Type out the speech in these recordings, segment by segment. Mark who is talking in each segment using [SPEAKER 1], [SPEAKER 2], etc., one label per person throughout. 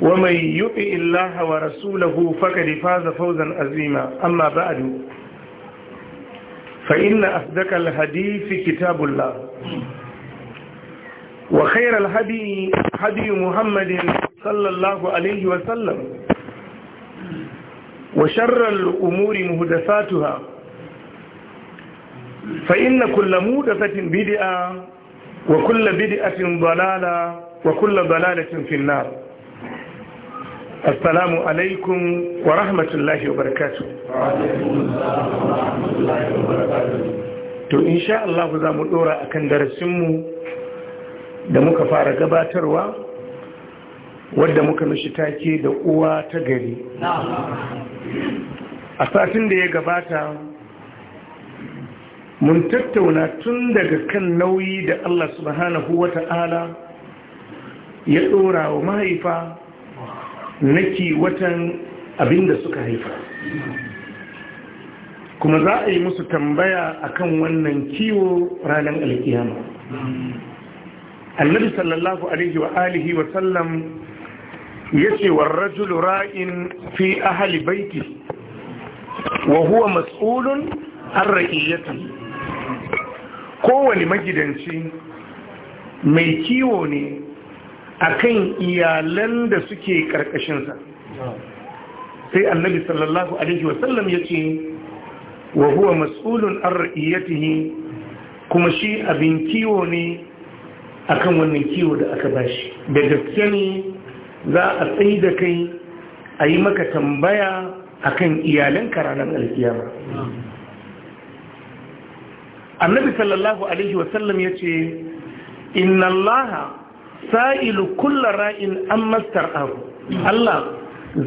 [SPEAKER 1] ومن يطع الله ورسوله فقد فاز فوزا عظيما أما بعد فإن أصدق الحديث كتاب الله وخير الهدي هدي محمد صلى الله عليه وسلم وشر الأمور مهدفاتها فإن كل مودفة بدئة وكل بدئة ضلالة وكل ضلالة في النار Assalamu alaikum wa rahmatullahi wa barakatu. To, insha Allah za mu ɗora a kan darasinmu da muka fara gabatarwa, wadda muka mishi take da uwa ta gari. A satin da ya gabata, mun tattauna tun daga kan nauyi da Allah subhanahu wa ta'ala ya ɗora wa mahaifa nake watan abin da suka haifa kuma za a yi musu tambaya akan wannan kiwo ranar alkiyama annabi sallallahu alaihi wa alihi wa sallam ya ce wa rajulu ra'in fi ahali baiti wa huwa mas'ulun an ra'iyyatan kowane magidanci mai kiwo ne akan iyalan da suke karkashinsa sai annabi sallallahu alaihi wasallam ya ce wa huwa mas'ulun an kuma shi abin kiwo ne akan wannan kiwo da aka bashi da gaske ne za a tsayi da kai a yi maka tambaya akan iyalan ranar alkiyama annabi sallallahu alaihi wasallam ya ce inna allaha sa'ilu kulla ra'in an mastar abu Allah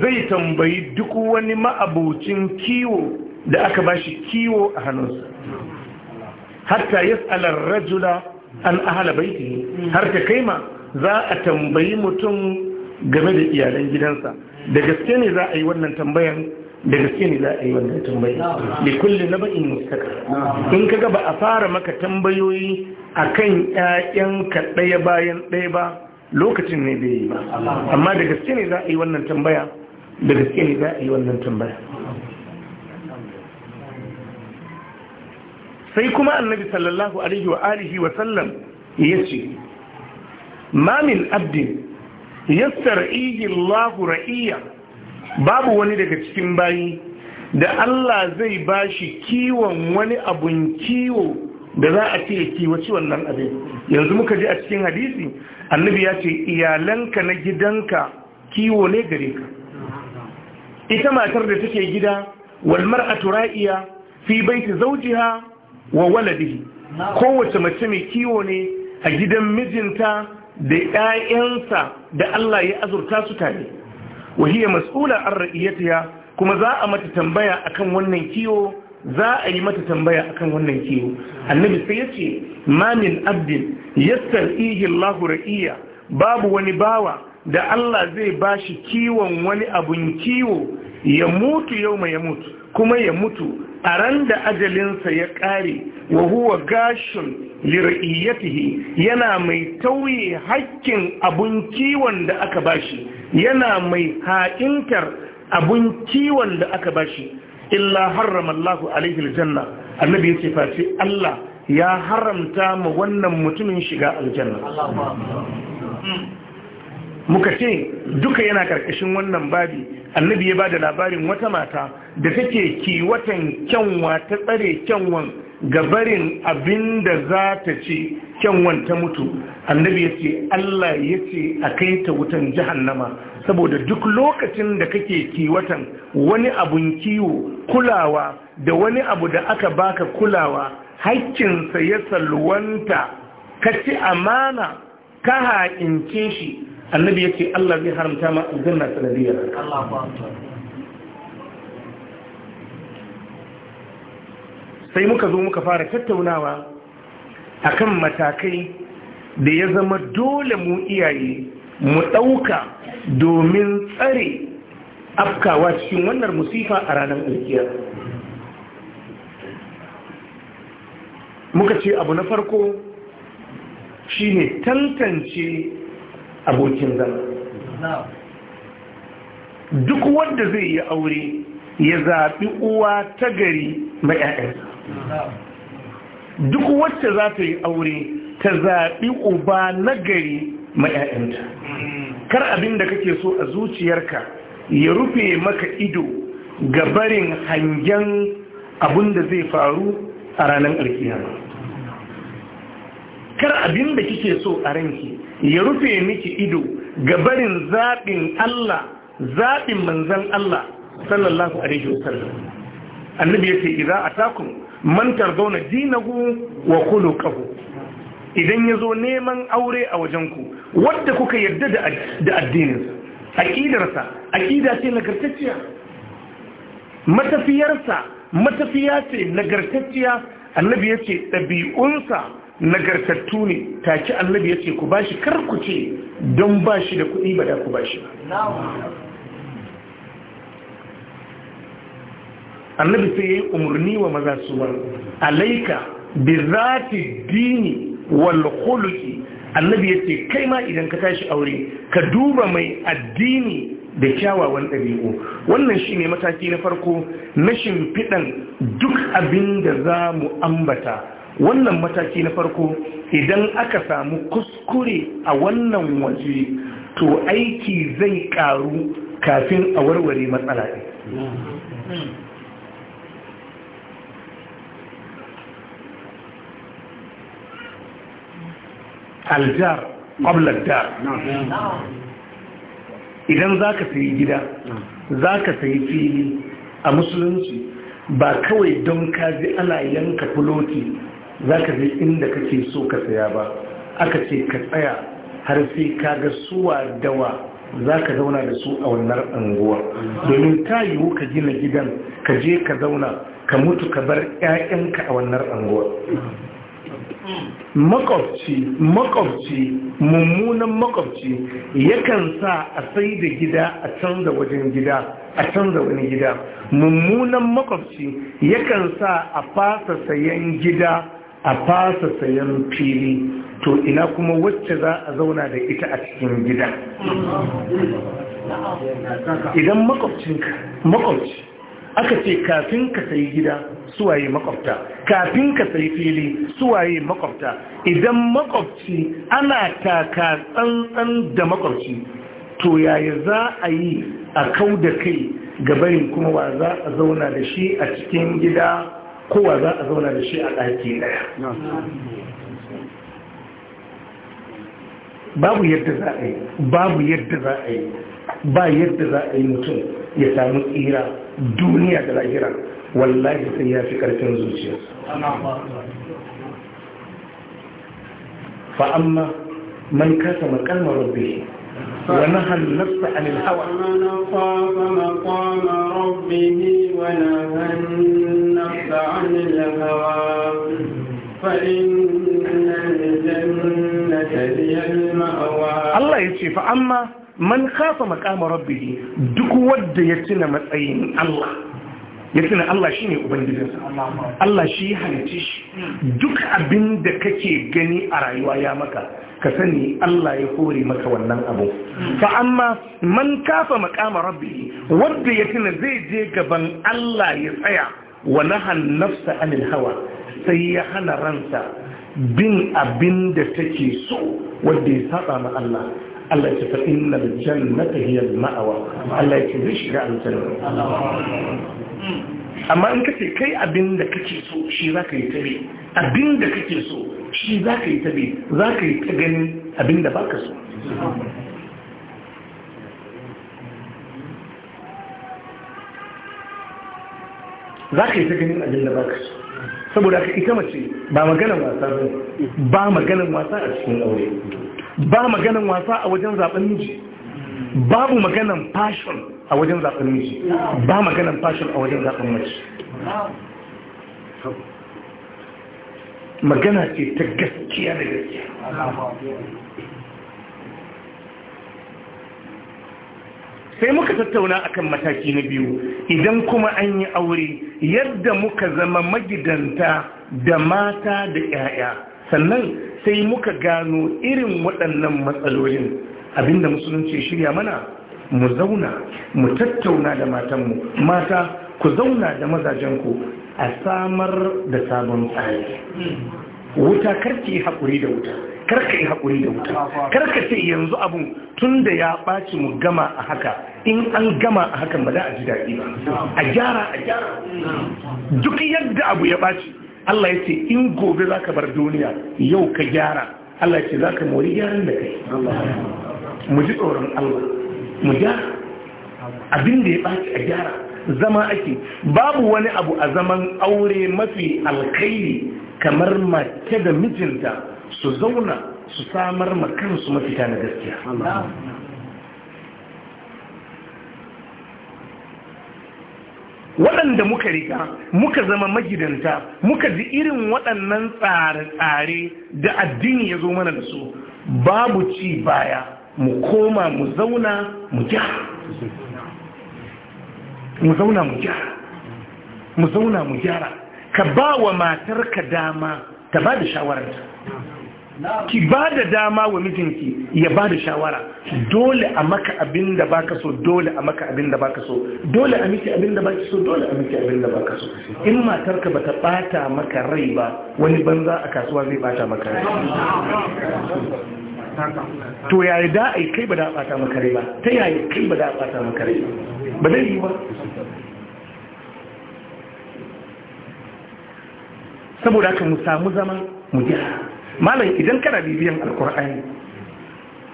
[SPEAKER 1] zai tambayi duk wani ma'abocin kiwo da aka bashi kiwo a hannunsa hatta yas'alar rajula an ahala baiti har ta kaima za a tambayi mutum game da iyalan gidansa da gaske ne za a yi wannan tambayan da gaske ne za a yi wannan tambayi da kulle na ba'in mustaka in kaga ba a fara maka tambayoyi a kan ‘ya'yanka ɗaya bayan ɗaya ba lokacin ne bai yi ba amma da gaske ne za a yi wannan tambaya da gaske ne za a yi wannan tambaya sai kuma annabi sallallahu alaihi wa alihi wa sallam ya ce mamin abdin sar'ihi iyillahu ra'iya babu wani daga cikin bayi da Allah zai bashi kiwon wani abun kiwo da za a ce kiwaci wannan abin yanzu muka ji a cikin hadisi annabi ya ce iyalanka na gidanka kiwo ne gare ka ita matar da take gida walmar a tura'iya fi baiti zaujiha wa waladihi kowace mace mai kiwo ne a gidan mijinta da 'ya'yansa da Allah ya azurta su tare wa hiya mas'ula an ra'iyatiha kuma za a mata tambaya akan wannan kiwo za a yi mata tambaya akan wannan kiwo annabi sai ya ce ma min abdin yassar ihi Allahu ra'iya babu wani bawa da Allah zai bashi kiwon wani abun kiwo ya mutu yau ma ya mutu kuma ya mutu a ran da ajalinsa ya ƙare wa huwa gashin lir'iyyatihi yana mai tauye hakkin abun kiwon da aka bashi yana mai haƙintar abun kiwon da aka bashi illa harrama Allahu alaihi aljanna annabi yace face Allah ya haramta ma wannan mutumin shiga aljanna hmm. muka ce duka yana karkashin wannan babi annabi ya bada labarin wata mata da take kiwatan kyanwa ta tsare kyanwan gabarin abin da za ta ce kyanwan ta mutu annabi ya ce Allah ya ce a kai ta wutan jahannama saboda duk lokacin da kake kiwatan wani abun kiwo kulawa da wani abu da aka baka kulawa haƙƙinsa ya salwanta ka ci amana ka ha'ince shi annabi ya ce Allah zai haramta ma aljanna sanadiyar sai muka zo muka fara tattaunawa akan matakai da ya zama dole mu iyaye mu ɗauka domin tsare afkawa cikin wannan musifa a ranar alkiyar muka ce abu na farko shi ne tantance abokin zama duk wanda zai yi aure ya zaɓi uwa ta gari mai ‘ya'yansa duk wacce za ta yi aure ta zaɓi uba na gari ma'ya'yanta kar abin da kake so a zuciyarka ya rufe maka ido ga barin hangen abin da zai faru a ranar alkiyama kar abin da kike so a ranki ya rufe miki ido ga barin zaɓin Allah zaɓin manzan Allah sallallahu alaihi wasallam annabi iza a takun man tardawna dinahu wa khuluquhu idan ya zo neman aure a wajenku wadda kuka yarda da addininsa aƙidarsa ƙida ce nagartacciya matafiyarsa matafiya ce nagartacciya annabi ya ce ɗabi'unsa nagartattu ne take annabi ya ce ku bashi kar ku ce don shi da kuɗi ba da ku bashi annabi sai ya yi umarni wa maza su alaika bi dini wal annabi annabi yace kai ma idan ka tashi aure ka duba mai addini da kyawawan ɗabi'u wannan shine mataki na farko na shimfiɗan duk abin da za mu ambata wannan mataki na farko idan aka samu kuskure a wannan waje to aiki zai ƙaru kafin a warware matsala ne aljar ƙwablar idan zaka ka sayi gida zaka ka sayi fili a musulunci ba kawai don ka ji ana yanka fuloti za je inda kake so ka saya ba aka ce ka tsaya har sai ka ga suwa dawa zaka zauna da su a wannan anguwa domin ta yiwu ka gina gidan ka je ka zauna ka mutu ka bar 'ya'yanka a wannan anguwa makwabci makwabci mummunan makwabci yakan sa a sai da gida a canza wajen gida a canza wani gida mummunan makwabci yakan sa a fasa sayan gida a fasa sayan fili to ina kuma wacce za a zauna da ita a cikin gida idan makwabcinka makwabci aka ce kafin ka sayi gida suwaye makwabta kafin ka sai fili suwaye makwabta idan makwabci ana taka tsantsan da makwabci to yaya za a yi a kau da kai gabarin kuma wa za a zauna da shi a cikin gida ko wa za a zauna da shi a ɗaki ɗaya babu yadda za a yi babu yadda za a yi ba yadda za a yi mutum ya samu tsira duniya da lahira والله سيا فكر زوجية فأما من كسم كلمة ربه ونهى النفس عن
[SPEAKER 2] الهوى فمن خاف مقام ربه ونهى النفس عن الهوى فإن الجنة هي المأوى الله يسعي
[SPEAKER 1] فأما من خاف مقام ربه دك ود يتنا مسعين الله ya tuna Allah shi ne Ubangijinsa, Allah shi halice shi duk abin da kake gani a rayuwa ya maka, ka sani Allah ya kore maka wannan abu. Fa amma man kafa makama rabbi wadda ya tuna zai je gaban Allah ya tsaya wa nahan nafsa anil hawa sai ya hana ransa bin abin da take so wadda ya saba ma Allah. الله يتفق إن الجنة هي المأوى الله يتفقش جاء الجنة أما أنك كي أبن لك تيسو شي ذاك يتبي أبن لك تيسو شي ذاك يتبي ذاك يتقن أبن لك سو ذاك يتقن أبن لك سو saboda ka ita mace ba maganan wasa ba maganan wasa a cikin aure ba maganan wasa a wajen zaben miji babu maganan fashion a wajen zaben miji ba maganan fashion a wajen zaben mace magana ce ta gaskiya da gaskiya sai muka tattauna akan mataki na biyu idan kuma an yi aure yadda muka zama magidanta da mata da 'ya'ya sannan sai muka gano irin waɗannan matsalolin abinda musulunci shirya mana mu zauna mu tattauna da matanmu mata ku zauna da mazajenku a samar da sabon tsari wuta karki haƙuri da wuta karka yi haƙuri da wuta karka ce yanzu abun tun da ya ɓaci mu gama a haka in an gama a hakan ba za a ji daɗi ba a gyara a gyara duk yadda abu ya ɓaci Allah ya ce in gobe za ka bar duniya yau ka gyara Allah ya ce za ka mori gyaran da kai mu ji tsoron Allah mu gyara abin da ya ɓaci a gyara zama ake babu wani abu a zaman aure mafi alkaili kamar mace da mijinta su zauna su samar ma kansu mafita na gaskiya waɗanda muka riga muka zama magidanta muka ji irin waɗannan tsare-tsare da addini ya zo mana da su babu ci baya mu koma mu zauna mu gyara mu zauna mu gyara mu zauna mu gyara ka ba wa matarka dama ta ba da shawararta ki ba da dama wa mijinki ya ba da shawara dole a maka abin da baka so dole a maka abin da baka so dole a miki abin da baki so dole a miki abin da baka so in matarka bata bata maka rai ba wani banza a kasuwa zai bata maka rai to yayi da ai kai ba da bata maka rai ba ta yaya kai ba da bata maka rai ba dai yi ba saboda ka mu samu zaman mu gyara malam idan kana bibiyan alkur'ani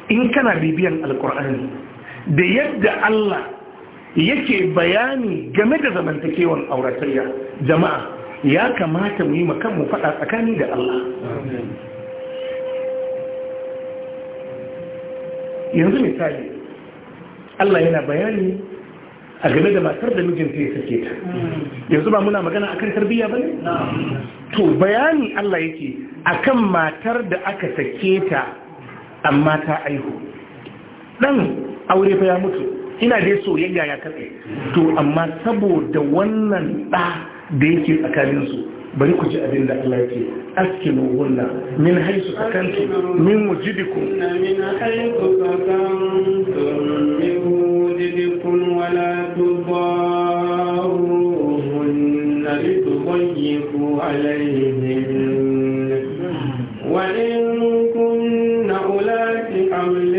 [SPEAKER 1] in kana bibiyan alkur'ani da yadda Allah yake bayani game da zamantakewan auratayya jama'a ya kamata mu yi mu faɗa tsakani da Allah yanzu misali Allah yana bayani a game da matar da mijinta ya sake ta yanzu ba muna magana akan tarbiyya ba ne? to bayani Allah yake akan matar da aka sake ta amma ta aihu dan aure fa ya mutu ina dai soyayya ya katse to amma saboda wannan ɗa da yake tsakaninsu bari ku ji abin da Allah ke askinu hunna min haisu
[SPEAKER 2] min wujidiku min haisu sakantu min wujidikum wala وإن كن أولات حمل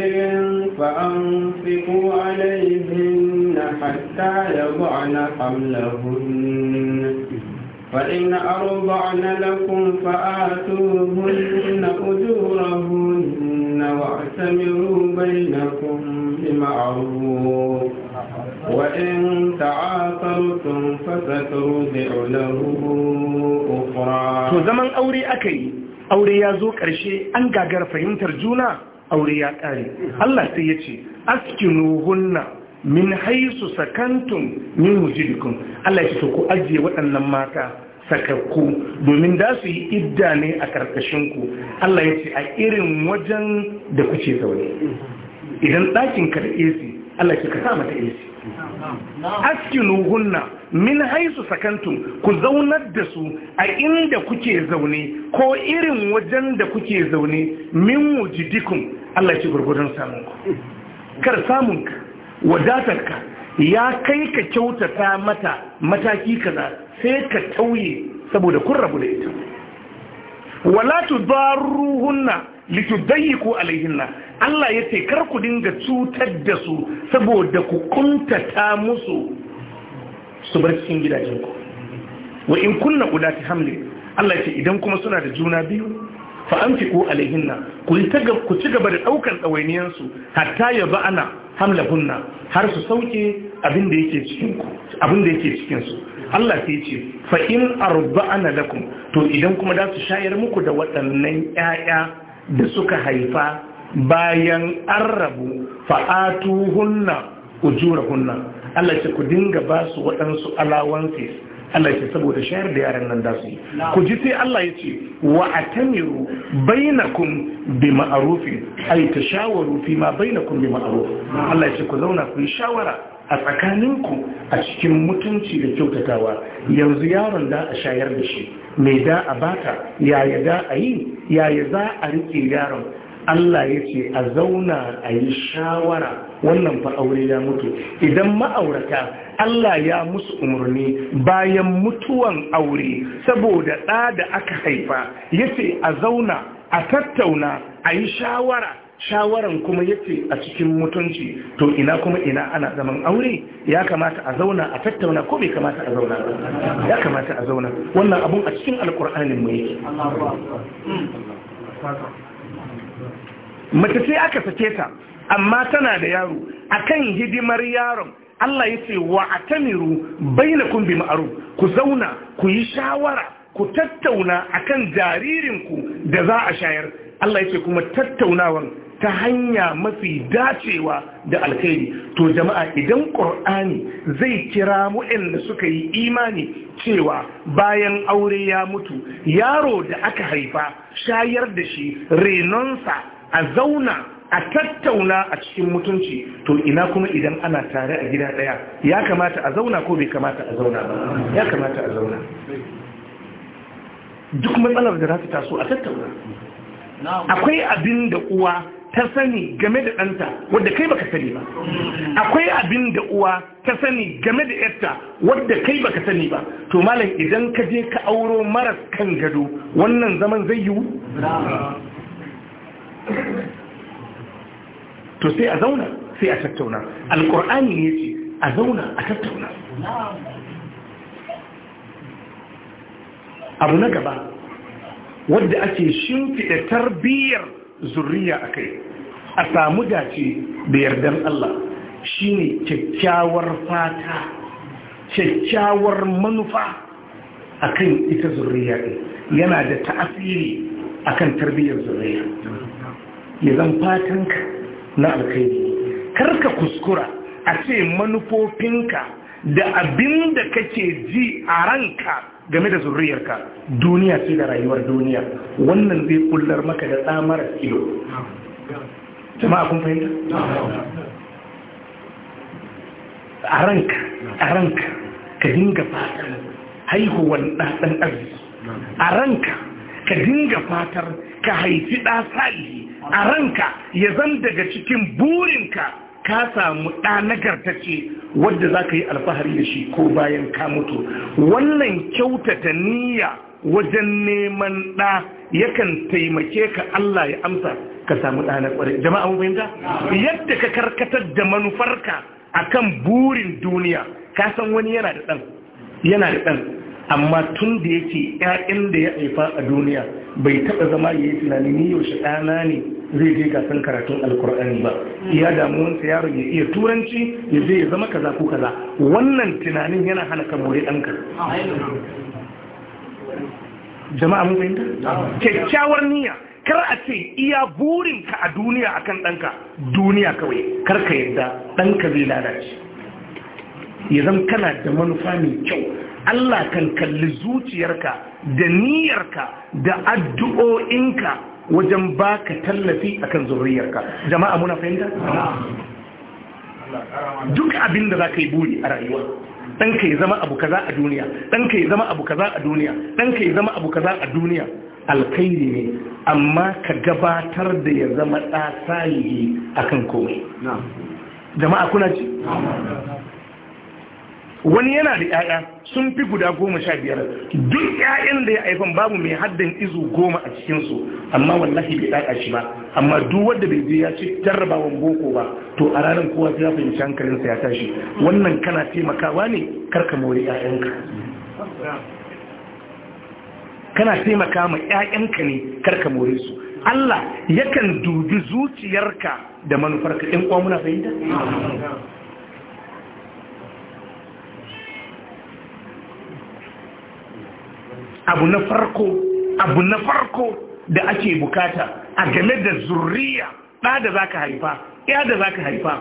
[SPEAKER 2] فأنفقوا عليهن حتى يضعن حملهن فإن أرضعن لكم فآتوهن أجورهن واعتمروا بينكم بمعروف وإن تعاطرتم فسترضع له أخرى. زمن أوري أكي
[SPEAKER 1] aure ya zo ƙarshe an gagar fahimtar juna aure ya ƙare Allah sai ya ce askinuhunna min haisu sakantun min wujidikum Allah ya ce ku ajiye waɗannan mata sakakku domin da su yi idda ne a ƙarƙashinku Allah ya ce a irin wajen da kuke zaune idan ɗakin ka da AC Allah ya ce ka sa mata AC askinuhunna min haisu sakantun, ku zaunar da su a inda kuke zaune ko irin wajen da kuke zaune min wujidikun Allah ce gurgudun samun kar samun ka wadatar ka ya kai ka kyautata mata mataki kaza sai ka tauye saboda kun rabu da ita wala tudarruhunna litudayyiku alaihinna Allah ya ce kar ku dinga cutar da su saboda ku kuntata musu su bar cikin gidajenku wa in kunna ulati hamli Allah ya ce idan kuma suna da juna biyu fa amfiku alaihinna ku ku ci gaba da daukan ɗawainiyansu, su hatta ya ba'ana hamlahunna har su sauke abin da yake cikin ku abin da yake cikin su Allah sai ce fa in arba'ana lakum to idan kuma da su shayar muku da waɗannan ƴaƴa da suka haifa bayan an rabu fa'atu hunna ujura hunna Allah ce ku dinga ba su waɗansu allowances Allah ce saboda shayar da yaran nan da su ku ji sai Allah ya ce wa atamiru bainakum bi ma'arufin ay tashawaru fi ma bainakum bi ma'aruf Allah ya ce ku zauna ku yi shawara a tsakaninku a cikin mutunci da kyautatawa yanzu yaron da a shayar da shi mai da a bata, yaya da a yi yaya za a riƙe yaron Allah ya ce a zauna a yi shawara wannan fa aure ya mutu idan ma'aurata Allah ya musu umarni bayan mutuwan aure saboda ɗa da aka haifa ya ce a zauna a tattauna a yi shawara shawaran kuma yace a cikin mutunci to ina kuma ina ana zaman aure ya kamata a zauna a tattauna ko bai kamata a zauna ya kamata a zauna wannan abun a cikin alkur'anin mu yake mace sai aka sake ta amma tana da yaro akan hidimar yaron Allah yace wa a tamiru bainakum bi ma'ruf ku zauna ku yi shawara ku tattauna akan jaririnku da za a shayar Allah ya kuma tattaunawan ta hanya mafi dacewa da alkhairi to jama'a idan ƙur'ani zai kira mu'in suka yi imani cewa bayan aure ya mutu yaro da aka haifa shayar da shi renonsa a zauna a tattauna a cikin mutunci to ina kuma idan ana tare a gida ɗaya ya kamata a zauna ko bai kamata a zauna ba ya kamata a zauna duk matsalar da za ta taso a tattauna akwai abin da uwa ta sani game da ɗanta wadda kai baka sani ba akwai abin da uwa ta sani game da yarta wadda kai baka sani ba to malam idan ka je ka auro maras kan gado wannan zaman zai yiwu to sai a zauna sai a tattauna alkur'ani ne ce a zauna a tattauna abu na gaba wadda ake shimfiɗa tarbiyyar zurriya a kai a samu dace da yardan Allah shi ne kyakkyawar fata kyakkyawar manufa a kan ita zurriya yana da ta'asiri kan tarbiyyar zurriya ya zan fatanka na alkhairi karka kuskura a ce manufofinka da abin da kake ji a ranka game da zurriyarka duniya ce da rayuwar duniya wannan zai kullar maka da tsamarar ido. jama'a kun fahimta a ranka a ranka ka dinga fatar haihuwar ɗan arziki a ranka ka dinga fatar ka haifi ɗa salihi a ranka ya zan daga cikin burinka ka samu ɗa nagartace wadda za ka yi alfahari da shi ko bayan ka mutu wannan kyautata niyya wajen neman ɗa yakan taimake ka Allah ya amsa ka samu ɗa na ƙware jama'a mun fahimta yadda ka karkatar da manufarka akan burin duniya ka san wani yana da ɗan yana da ɗan amma tun da yake ƴaƴan da ya haifa a duniya bai taɓa zama ya yi tunani ni yaushe ɗana ne zai je gasan karatun alkur'ani ba Ya damu wansa yaron ya iya turanci ya je ya zama kaza ko kaza wannan tunanin yana hana ka more ɗanka jama'a mun fahimta kyakkyawar niyya kar a ce iya burinka a duniya akan danka duniya kawai kar ka yadda ɗanka zai lalace ya zama kana da manufa mai kyau Allah kan kalli zuciyarka da niyyarka da addu'o'inka wajen baka tallafi akan zuriyarka jama'a muna fahimta duk abin da za ka yi buri a rayuwa ɗanka ya zama abu kaza a duniya ɗanka ya zama abu kaza a duniya ɗanka ya zama abu kaza a duniya alkhairi ne amma ka gabatar da ya zama ɗa salihi akan komai jama'a kuna ci wani yana da ƴaƴa sun fi guda goma sha biyar duk ƴaƴan da ya haifan babu mai haddin izu goma a cikinsu amma wallahi bai ɗaƙa shi ba amma duk wanda bai je ya ci jarrabawan boko ba to a ranar kowa ya fahimci hankalinsa ya tashi wannan kana taimakawa ne karka more ƴaƴanka. kana taimaka ma ƴaƴanka ne karka more su Allah yakan dubi zuciyarka da manufarka in kwa muna fahimta abu na farko abu na farko da ake bukata a game da zurriya ɗa da za ka haifa ya da za ka haifa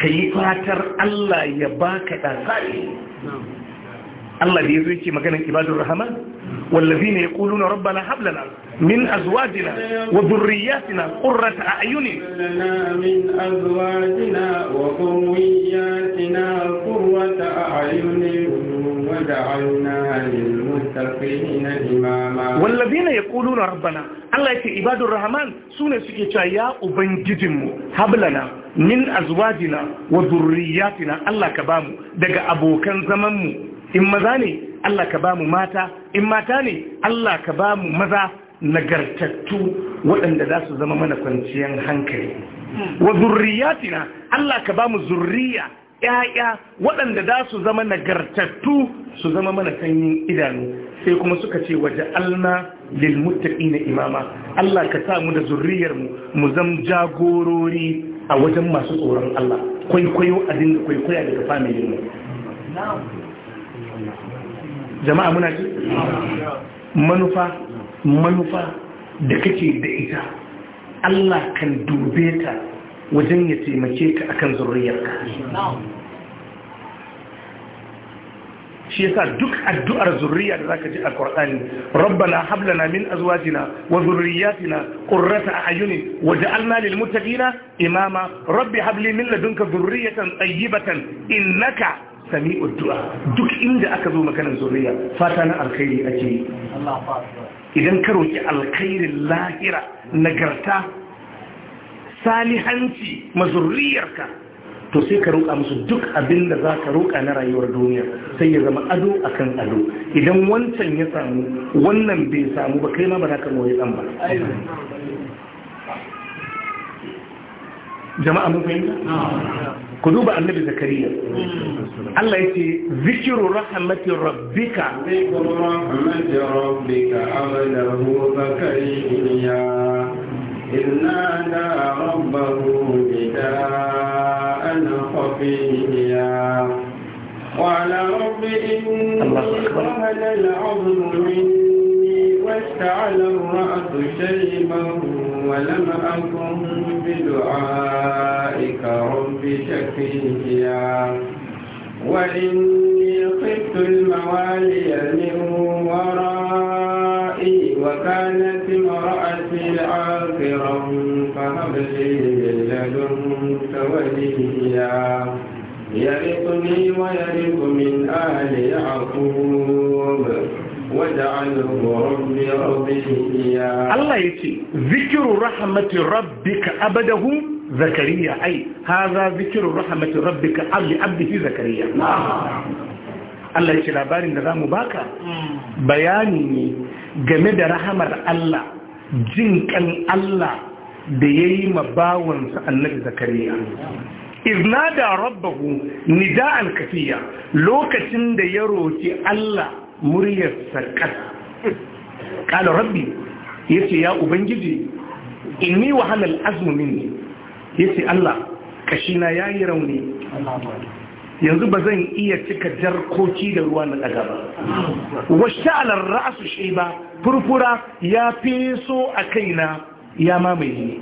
[SPEAKER 1] ka yi fatar Allah ya baka ɗazari Allah da ya zo ce maganin ibadun rahman wallazi ne ya ƙulu na rabbana hablana min azwajina
[SPEAKER 2] wa zurriyatina qurrata a'yuni min azwajina wa qurriyatina وجعلنا للمتقين إماما والذين يقولون ربنا
[SPEAKER 1] الله يتي عباد الرحمن سونة سكيتا يا أبنجدم هبلنا من أزواجنا وذرياتنا الله كبامو دقى أبو كان زمنمو إما ذاني الله كبامو ماتا إما تاني الله كبامو مذا nagartattu waɗanda za su zama mana kwanciyar hankali wa zurriyatina Allah ka ba mu zurriya ƴaƴa waɗanda za su zama nagartattu su zama mana sanyin idanu sai kuma suka ce waje alna na imama Allah ka sa da zurriyar mu mu zam jagorori a wajen masu tsoron Allah kwaikwayo a dinga kwaikwaya daga familin mu jama'a muna ji manufa manufa da kake da ita Allah kan dube ta wajen ya taimake ka akan zurriyarka shi yasa duk addu'ar zurriya da zaka ji a Qur'ani rabbana hab lana min azwajina wa dhurriyyatina qurrata a'yunin waj'alna lil muttaqina imama rabbi hab li min ladunka dhurriyatan tayyibatan innaka sami'ud du'a duk inda aka zo maganar zurriya fata na alkhairi ake idan ka roki alkhairin lahira nagarta salihanci mazurriyarka to sai ka roƙa musu duk abin da za ka roƙa na rayuwar duniya sai ya zama ado a kan ado idan wancan ya samu wannan bai samu ba kai ma ba za ka moye ɗan ba jama'a mun fahimta ku duba annabi zakariya Allah ya ce zikiru rahmatin rabbika
[SPEAKER 2] zikiru rahmatin rabbika abadahu zakariya نادى ربه بداء خفيا إني العظم مني واشتعل الرأس شيبا ولم أكن بدعائك وإني خفت الموالي من ورائي وكانت امرأتي عاقرا فهب لي من لدنك وليا يرثني ويرث من آل يعقوب واجعله ربي رضيا الله يتي ذكر رحمة ربك أبده زكريا أي هذا
[SPEAKER 1] ذكر رحمة ربك أبد أبده زكريا نعم. الله يتي لابارن ذا مباكا بياني game da rahamar Allah jin kan Allah da ya yi mabawansa annabi zakariya iznada rabbahu an kafiya lokacin da ya roki Allah muryar sakas qala rabbi yace ya ubangiji inni wahalar azumin ne. Ya yace Allah kashina yayi rauni yanzu ba zan iya cika jarkoki da ruwa na daga ba washta'alar ra'asu shi ba furfura ya feso a kaina ya mamaye ni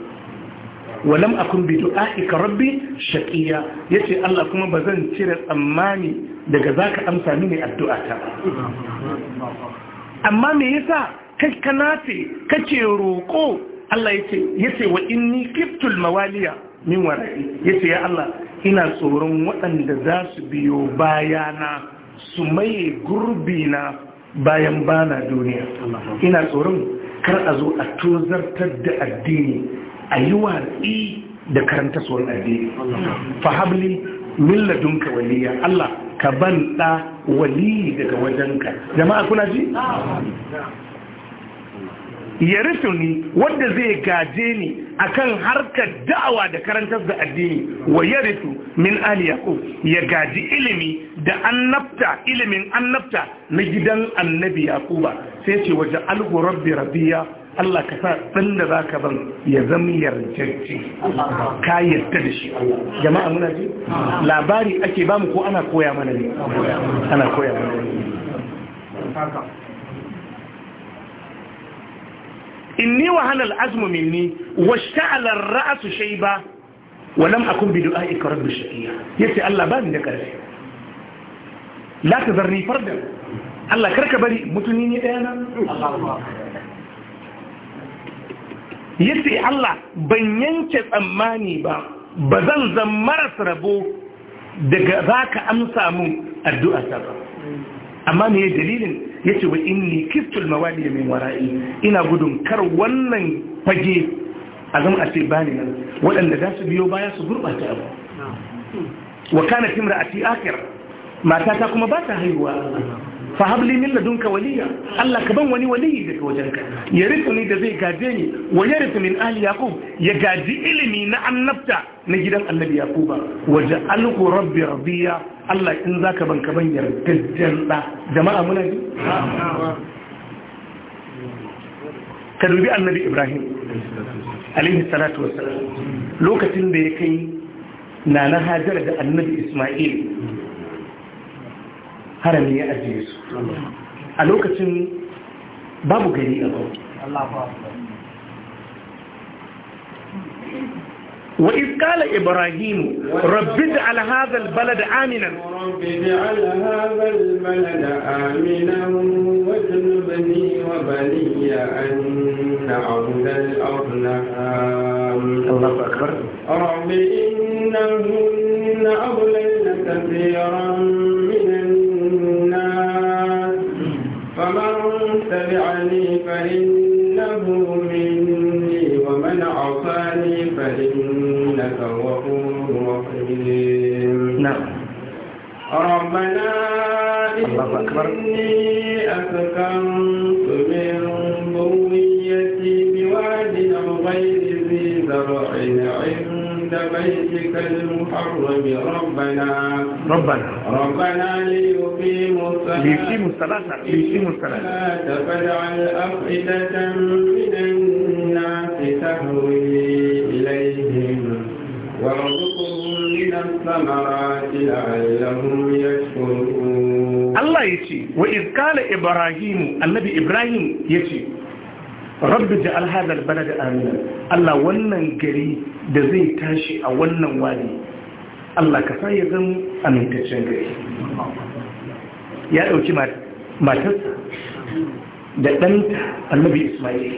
[SPEAKER 1] walam akun bi du'a'ika rabbi shaqiya yace Allah kuma bazan cire tsammani daga zaka amsa mini ta. amma me yasa kai kanafe kace roko Allah yace yace wa inni qibtul mawaliya min ya yace ya Allah ina tsoron waɗanda za su biyo bayana su maye gurbi na bayan bana duniya ina tsoron kar a zo a tozartar da addini a yi watsi da karanta tsoron addini fahabli min ladunka waliya Allah ka ban ɗa waliyi daga wajenka jama'a kuna ji ya ni wanda zai gaje ni akan harkar da'awa da karantar da addini wa ya min ali yaqub ya gaji ilimi da annabta ilimin annabta na gidan annabi yaquba sai ce waje alhu rabbi rabiya Allah ka sa ɗan da za ka ban ya zama yarjejji ka yarda da shi jama'a muna ji labari ake bamu ko ana koya mana ne ana koya mana ne inni wa halal azmu minni wa sha'ala ra'su shayba wa lam akun bi du'aika rabbi shaqiya yace Allah ba ni da karfi la zarni fardan Allah karka bari mutuni ne daya nan yace Allah ban yanke tsammani ba ba zan zan maras rabo daga zaka amsa mun addu'a ta ba amma me dalilin Ya ce wa inni kiftul mawali min wara'i ina gudun kar wannan fage a zama a ce bani nan waɗanda za su biyo baya su gurɓata
[SPEAKER 3] abu
[SPEAKER 1] wa kana timra ati akhir mata ta kuma ba ta haihuwa فهب لي من لدنك وليا الله كبن وني ولي بك وجنك يرثني ده زي غاديني ويرث من آل يعقوب يغادي علمي نا نعم النبتا نجد النبي يعقوب وجعله ربي رضيا الله ان ذاك بن كبن يرتجن دا جماعه منا دي كدوبي النبي ابراهيم عليه الصلاه والسلام لوكتين ده يكاي نانا هاجر ده النبي اسماعيل هرمي أجيسو a lokacin babu gari a وإذ قال إبراهيم رب اجعل هذا البلد آمنا
[SPEAKER 2] رب اجعل هذا البلد آمنا واجنبني وبني أن نعبد الأصنام الله أكبر رب إنهن أضللن كثيرا من فمن تبعني فإنه مني ومن عصاني فإنك غفور رحيم نعم ربنا إني أسكنت من ضويتي بواد غير ذي زرع عند بيتك المحرم ربنا ربنا ربنا لي ليقيموا الصلاة ليقيموا الصلاة فاجعل أفئدة من الناس تهوي إليهم وارزقهم من الثمرات لعلهم يشكرون الله يتي وإذ
[SPEAKER 1] قال إبراهيم النبي إبراهيم يتي rabbi ja'al hadha al-balad amina Allah wannan gari da zai tashi a wannan wadi Allah ka sa ya zama amintaccen gari ya ɗauki matarsa da ɗanta annabi ismail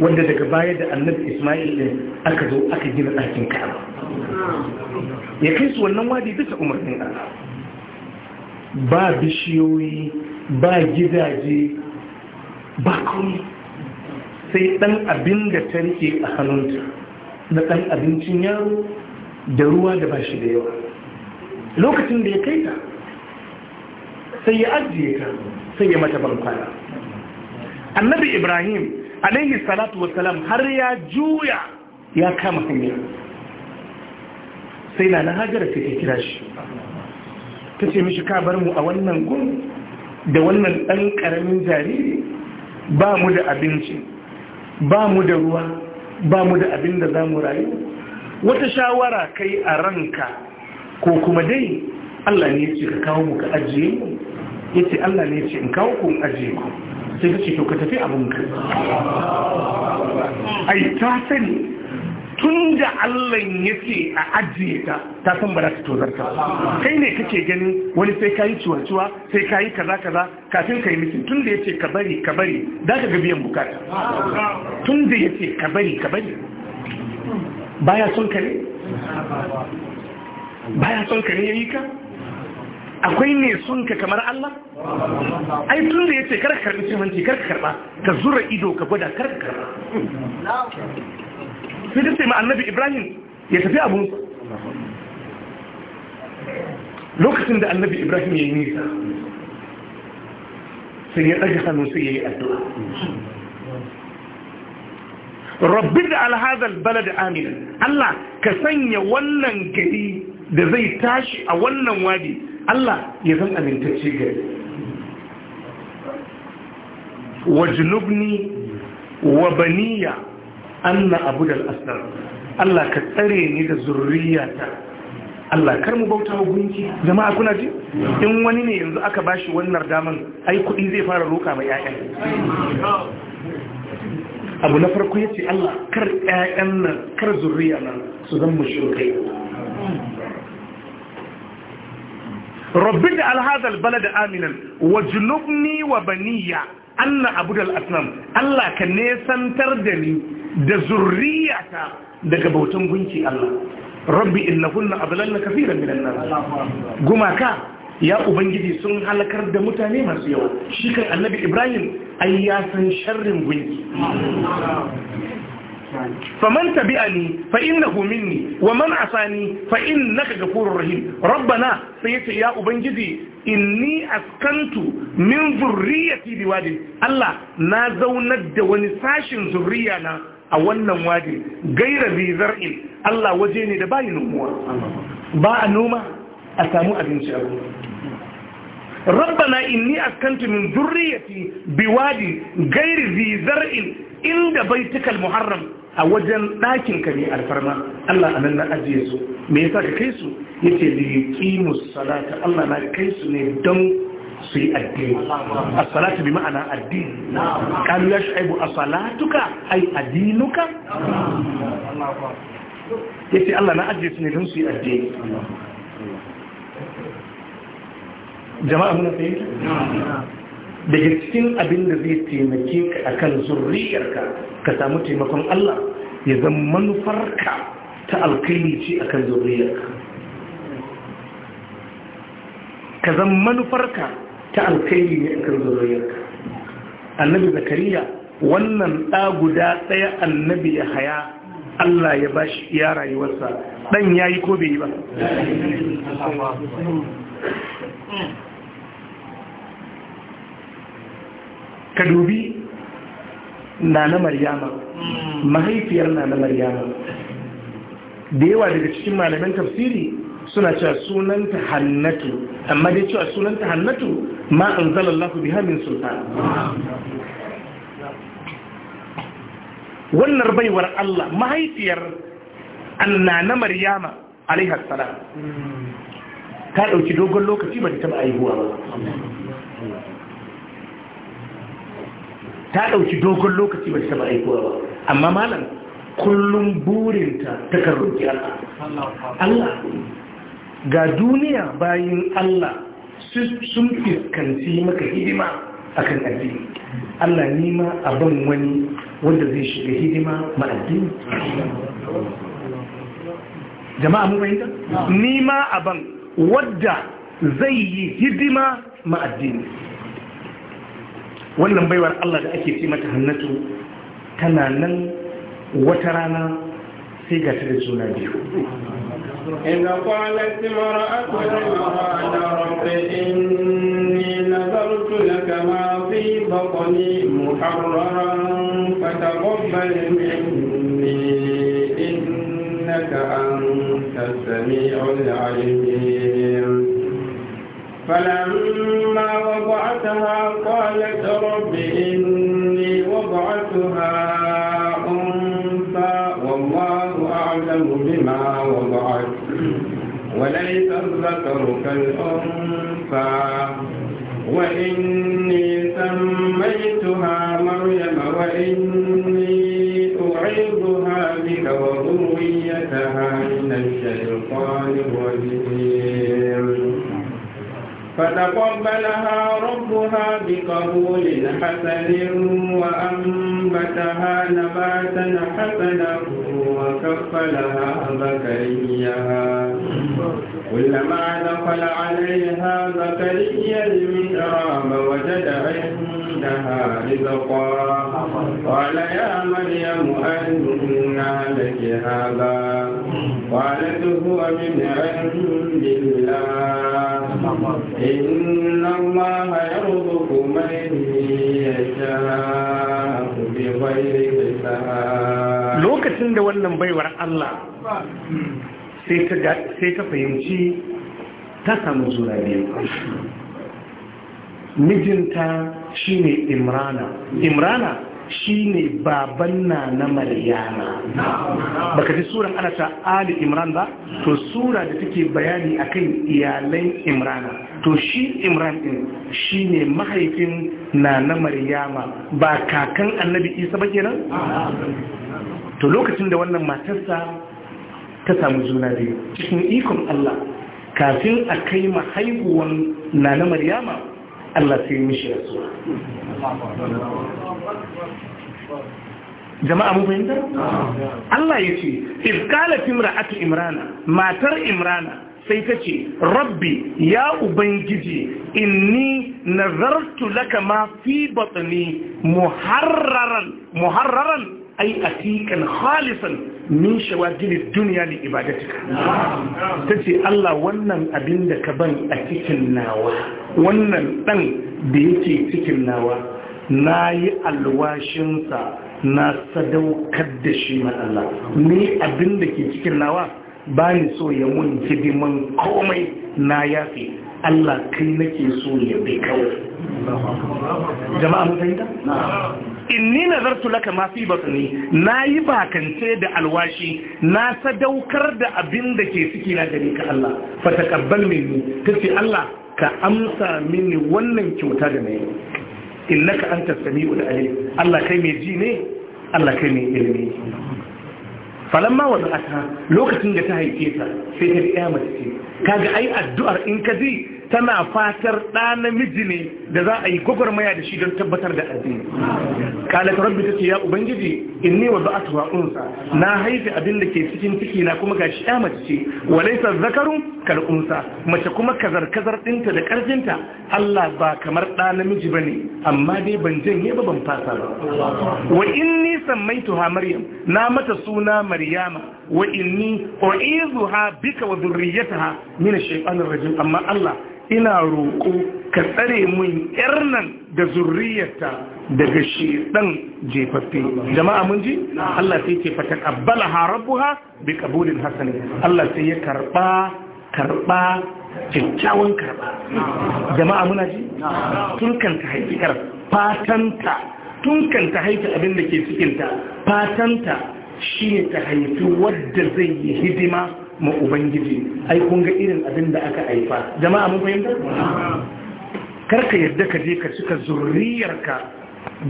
[SPEAKER 1] wanda daga baya da annabi ismail ɗin aka zo aka gina ɗakin ka'aba ya kai su wannan wadi bisa umarnin allah ba bishiyoyi ba gidaje ba kuni, sai ɗan abin da ta rike a hannunta na ɗan abincin yaro da ruwa da ba shi da yawa lokacin da ya kai ta sai ya ajiye ta sai ya mata bankwana annabi ibrahim alaihi salatu wasalam har ya juya ya kama hanya sai na na hajjara ta ke kira shi ta ce mishi ka bar mu a wannan gun da wannan ɗan ƙaramin jariri ba mu da abinci ba mu da ruwa ba mu da abin da za mu rayu wata shawara kai a ranka ko kuma dai Allah ne ya ce ka kawo muka ka ajiye mu ya ce Allah ne ya ce in kawo kun in ajiye ku sai ka ce to ka tafi abinka ai ta sani tun da Allah ya ce a ajiye ta ta san ba za ta tozarta kai ne kake gani wani sai ka ciwa-ciwa sai ka yi kaza-kaza kafin ka yi miki tun da ya ce ka bari ka bari za ka biyan bukata tun da ya ce ka bari ka bari baya son ka ne baya son ka ne ya yi ka akwai ne sun ka kamar Allah ai tun da yace kar karbi cimanci kar karba ka zura ido ka gwada kar karba sai da sai ma annabi Ibrahim ya tafi abun lokacin da annabi Ibrahim ya yi nisa sai ya ɗaga hannu sai ya yi addu'a rabbi da alhazal da amina Allah ka sanya wannan gari da zai tashi a wannan wadi Allah ya zan amintacce gari wajnubni wa baniya anna abu da al'asar Allah ka tsare ni da zurriyata Allah kar mu bauta wa gunki jama'a kuna ji in wani ne yanzu aka bashi wannan daman ai kuɗi zai fara roka mai ƴaƴan abu na farko ya ce Allah kar ƴaƴan nan kar zurriya nan su zan mushrikai rabbi da alhazal balad aminan wajnubni wa baniya anna abudal asnam Allah ka nesantar da ni da
[SPEAKER 3] zurriyata
[SPEAKER 1] daga bautan gunki Allah rabbi innahunna adlalna kaseeran minan nas gumaka ya ubangiji sun halakar da mutane masu yawa shi kan annabi ibrahim ai ya san sharrin gunki فمن تبعني فإنه مني ومن عصاني فإنك غفور رحيم ربنا سيتي يا أبنجدي inni askantu min zurriyati bi wadin Allah na zaunar da wani sashin zurriya na a wannan wadin gaira bi zar'in Allah waje ne da bani nomuwa ba a noma a samu abinci abu rabbana inni askantu min bi gairi inda baitukal muharram a wajen ɗakin ka ne alfarma Allah anan na ajiye su me yasa ka kai su yace li yuqimus salata Allah na kai su ne don su yi addini as-salatu bi ma'ana addini qalu ya shu'aibu as-salatuka ay adinuka yace Allah na ajiye su ne don su yi addini jama'a mun fahimta daga cikin abin da zai taimake ka akan zurriyarka ka samu taimakon Allah ya zama manufarka ta alkaini ce akan zurriyarka ka zama manufarka ta alkaini ne akan zurriyarka annabi zakariya wannan ɗa guda ɗaya annabi ya haya Allah ya bashi iya rayuwarsa ɗan ya yi ko bai yi ba ka dubi na na maryama mahaifiyar na na maryama da yawa daga cikin malamin tafsiri suna cewa sunanta hannatu amma dai cewa sunanta hannatu ma an lafi bi hannun sultan wannan baiwar Allah mahaifiyar annana maryama alaihar ta ɗauki dogon lokaci ba ta taɓa aihuwa ba ta ɗauki dogon lokaci ba ta aikowa ba amma malam kullum burinta ta karroki
[SPEAKER 3] Allah Allah
[SPEAKER 1] ga duniya bayan Allah sun fiskanci maka hidima akan addini Allah nima abin wani wanda zai shiga hidima ma addini jama'a mu bayan nima abin wadda zai yi hidima ma addini wannan baiwar Allah da ake ce mata hannatu tana nan wata rana sai ga ta da suna biyu
[SPEAKER 2] إذ قالت امرأة رمضان رب فتقبل مني إنك أنت السميع العليم فلما وضعتها قالت رب إني وضعتها أنثى والله أعلم بما وضعت وليس الذكر كالأنثى وإني سميتها مريم وإني أعيذها بك وذريتها من الشيطان الرجيم فتقبلها ربها بقبول حسن وأنبتها نباتا حسنا وكفلها زكريا كلما دخل عليها زكريا المحراب وجد عندها رزقا قال يا مريم أنا لك هذا قالت هو من عند الله إن الله يرزق من يشاء بغير حساب
[SPEAKER 1] lokacin da wannan baiwar Allah sai ta fahimci ta samu zura biyu mijinta shine imrana imrana Shi ne baban na na maryama baka ji suran ana ta ali imran ba to sura da take bayani akan iyalan imrana to shi imran din ne mahaifin na na maryama ba kakan annabi isa ba kenan to lokacin da wannan matarsa ta samu juna biyu cikin ikon Allah kafin a kai mahaifuwan na na maryama Allah sai mishi rasuwa jama'a mu fahimta Allah ya ce ifkala timra'atu imrana matar imrana sai ta ce rabbi ya ubangiji inni nazartu laka ma fi batni muharraran muharraran ai atiqan khalisan min shawagil dunya li ibadatika tace Allah wannan abin da ka ban a cikin nawa wannan dan da yake cikin nawa nayi alwashin sa na sadaukar da shi ma Allah ni abin da ke cikin nawa ba ni so ya mun hidiman komai na yafi Allah kai nake so ya bai kawai jama'a mun fahimta inni nazartu laka ma fi batni nayi bakance da alwashi na sadaukar da abin da ke ciki na gare ka Allah fa ta taqabbal ta ce Allah ka amsa mini wannan kyauta da nayi innaka antas samiul alim Allah kai mai ji ne Allah kai mai ilimi falamma wa ata lokacin da ta haife ta sai ta ɗaya ce kaga ai addu'ar in ka ji tana fatar ɗa namiji ne da za a yi gwagwarmaya da shi don tabbatar da addini kalat rabbi tace ya ubangiji inni wada'atu wa unsa na haifi abin da ke cikin ciki na kuma gashi ya mace ce walaysa zakaru kal unsa mace kuma kazar kazar dinta da karfinta Allah ba kamar da namiji bane amma dai ban janye ba ban fasa ba wa inni sammaituha maryam na mata suna maryama wa inni u'izuha bika wa dhurriyyataha min ash-shaytanir rajim amma Allah ina roƙo ka tsare mun ƴarnan nan da zurriyarta daga shi ɗan jefaffe jama'a mun ji Allah sai ce fata taqabbala harabuha bi qabulin hasan Allah sai ya karba karba kyakkyawan karba jama'a muna ji tun kan ta haifi yar fatanta tun kan ta haifi abin da ke cikin ta fatanta shine ta haifi wadda zai yi hidima ma ubangiji ai kun ga irin abin da aka haifa jama'a mun fahimta ka yadda ka je ka cika zuriyarka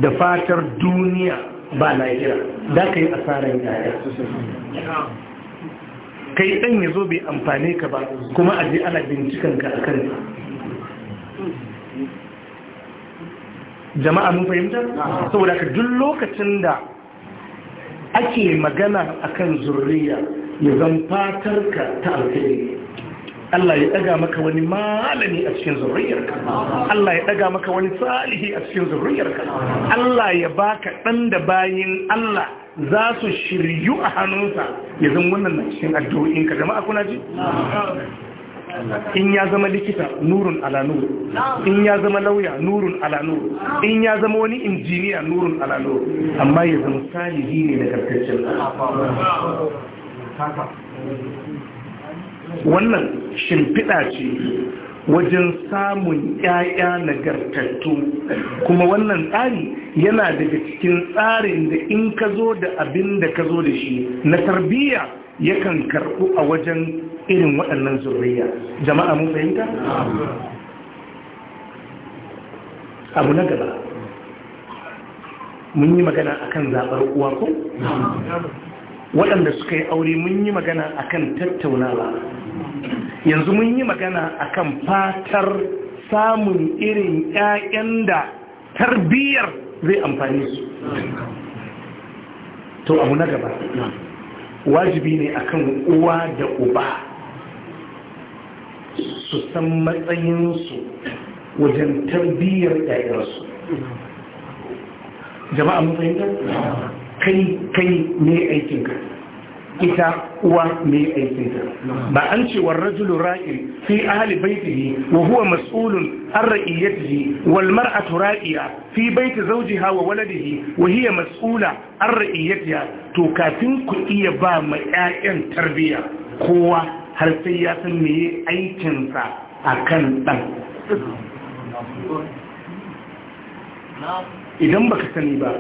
[SPEAKER 1] da fatar duniya ba lahira da ka yi asarar yaya kai dan ya zo bai amfane ka ba kuma aje ana binciken ka akan jama'a mun fahimta saboda ka duk lokacin da ake magana akan zuriya ya zan fatarka ta alkhairi Allah ya daga maka wani malami a cikin zuriyarka Allah ya daga maka wani salihi a cikin zuriyarka Allah ya baka dan da bayin Allah za su shiryu a hannunsa ya zan wannan na cikin ka, jama'a kuna ji in ya zama likita nurun ala nur in ya zama lauya nurun ala nur in ya zama wani injiniya nurun ala nur amma ya zama salihi ne na karkashin wannan shimfiɗa ce wajen samun ‘ya'ya nagartattu kuma wannan tsari yana daga cikin tsarin da in ka zo da abin da ka zo da shi na tarbiyya yakan karɓu a wajen irin waɗannan zurriya jama'a mun fahimta? abu na gaba mun yi magana akan zaɓar uwa ko? waɗanda suka yi aure mun yi magana akan tattaunawa yanzu mun yi magana akan fatar samun irin 'ya'yan da tarbiyyar zai amfani su to abu na gaba wajibi ne akan uwa da uba su san matsayinsu wajen tarbiyyar 'ya'yansu jama'a mun fahimta kai kai ne aikinka ita uwa ne aikinta ba an ce wa rajulu ra'in fi ahli baitihi wa huwa mas'ulun an ra'iyatihi wal mar'atu ra'iya fi baiti zawjiha wa waladihi wa hiya mas'ula an ra'iyatiha to kafin ku iya ba ma ƴaƴan tarbiyya kowa har sai ya san meye aikinsa akan dan idan baka sani ba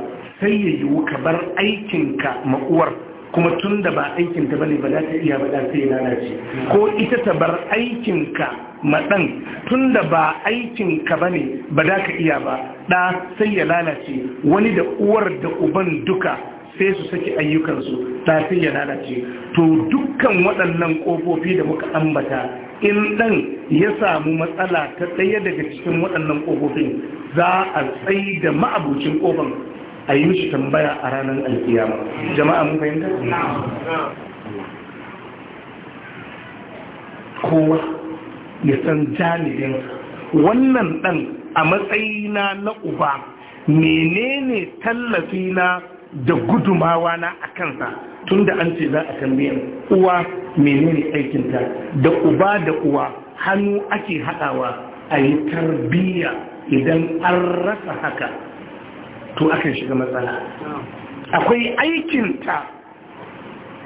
[SPEAKER 1] sai ya yiwu ka bar aikinka ma'uwar kuma tun da ba aikinta ba ne ba za ta iya bada sai lalace ko ita ta bar aikinka maɗan tun da ba aikinka ba ne ba za ka iya ba ɗa sai ya lalace wani da uwar da uban duka sai su saki ayyukansu ta sai ya lalace to dukkan waɗannan ƙofofi da muka ambata in ɗan ya samu matsala ta ɗaya daga cikin waɗannan ƙofofin za a tsaye da ma'abucin ƙofan a yi mishi tambaya a ranar alkiyama jama'a mun fahimta kowa ya san jami'in wannan dan a matsayina na uba menene tallafina da gudumawa na a kansa tun da an ce za a tambayar uwa menene aikinta da uba da uwa hannu ake haɗawa a yi tarbiyya idan an rasa haka to akan shiga matsala akwai aikinta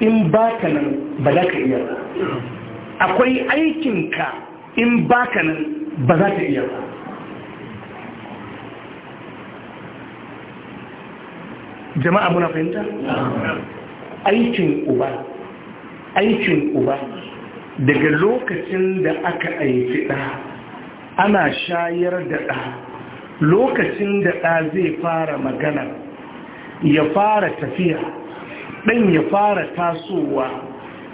[SPEAKER 1] in baka nan ba za ka iya ba akwai aikinka in baka nan ba za ka iya ba jama'a muna fahimta? aikin uba aikin uba daga lokacin da aka aiki ɗa ana shayar da ɗa lokacin da ɗa zai fara magana ya fara tafiya ɗan ya fara tasowa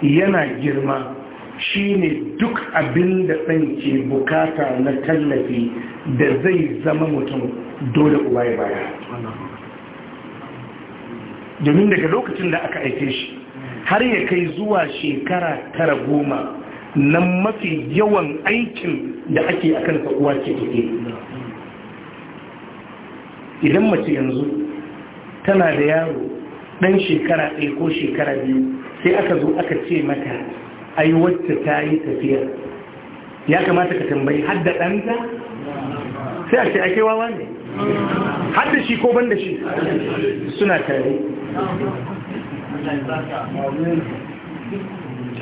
[SPEAKER 1] yana girma shine duk abin da ɗan ke bukata na tallafi da zai zama mutum dole uba ya baya domin daga lokacin da aka aike shi har ya kai zuwa shekara tara goma nan mafi yawan aikin da ake akan uwa ke take idan mace yanzu tana da yaro ɗan shekara ɗaya ko shekara biyu sai aka zo aka ce mata ai wacce ta yi tafiya ya kamata ka tambayi hadda ɗanta sai a ce ake wawa ne hadda shi ko ban da shi suna tare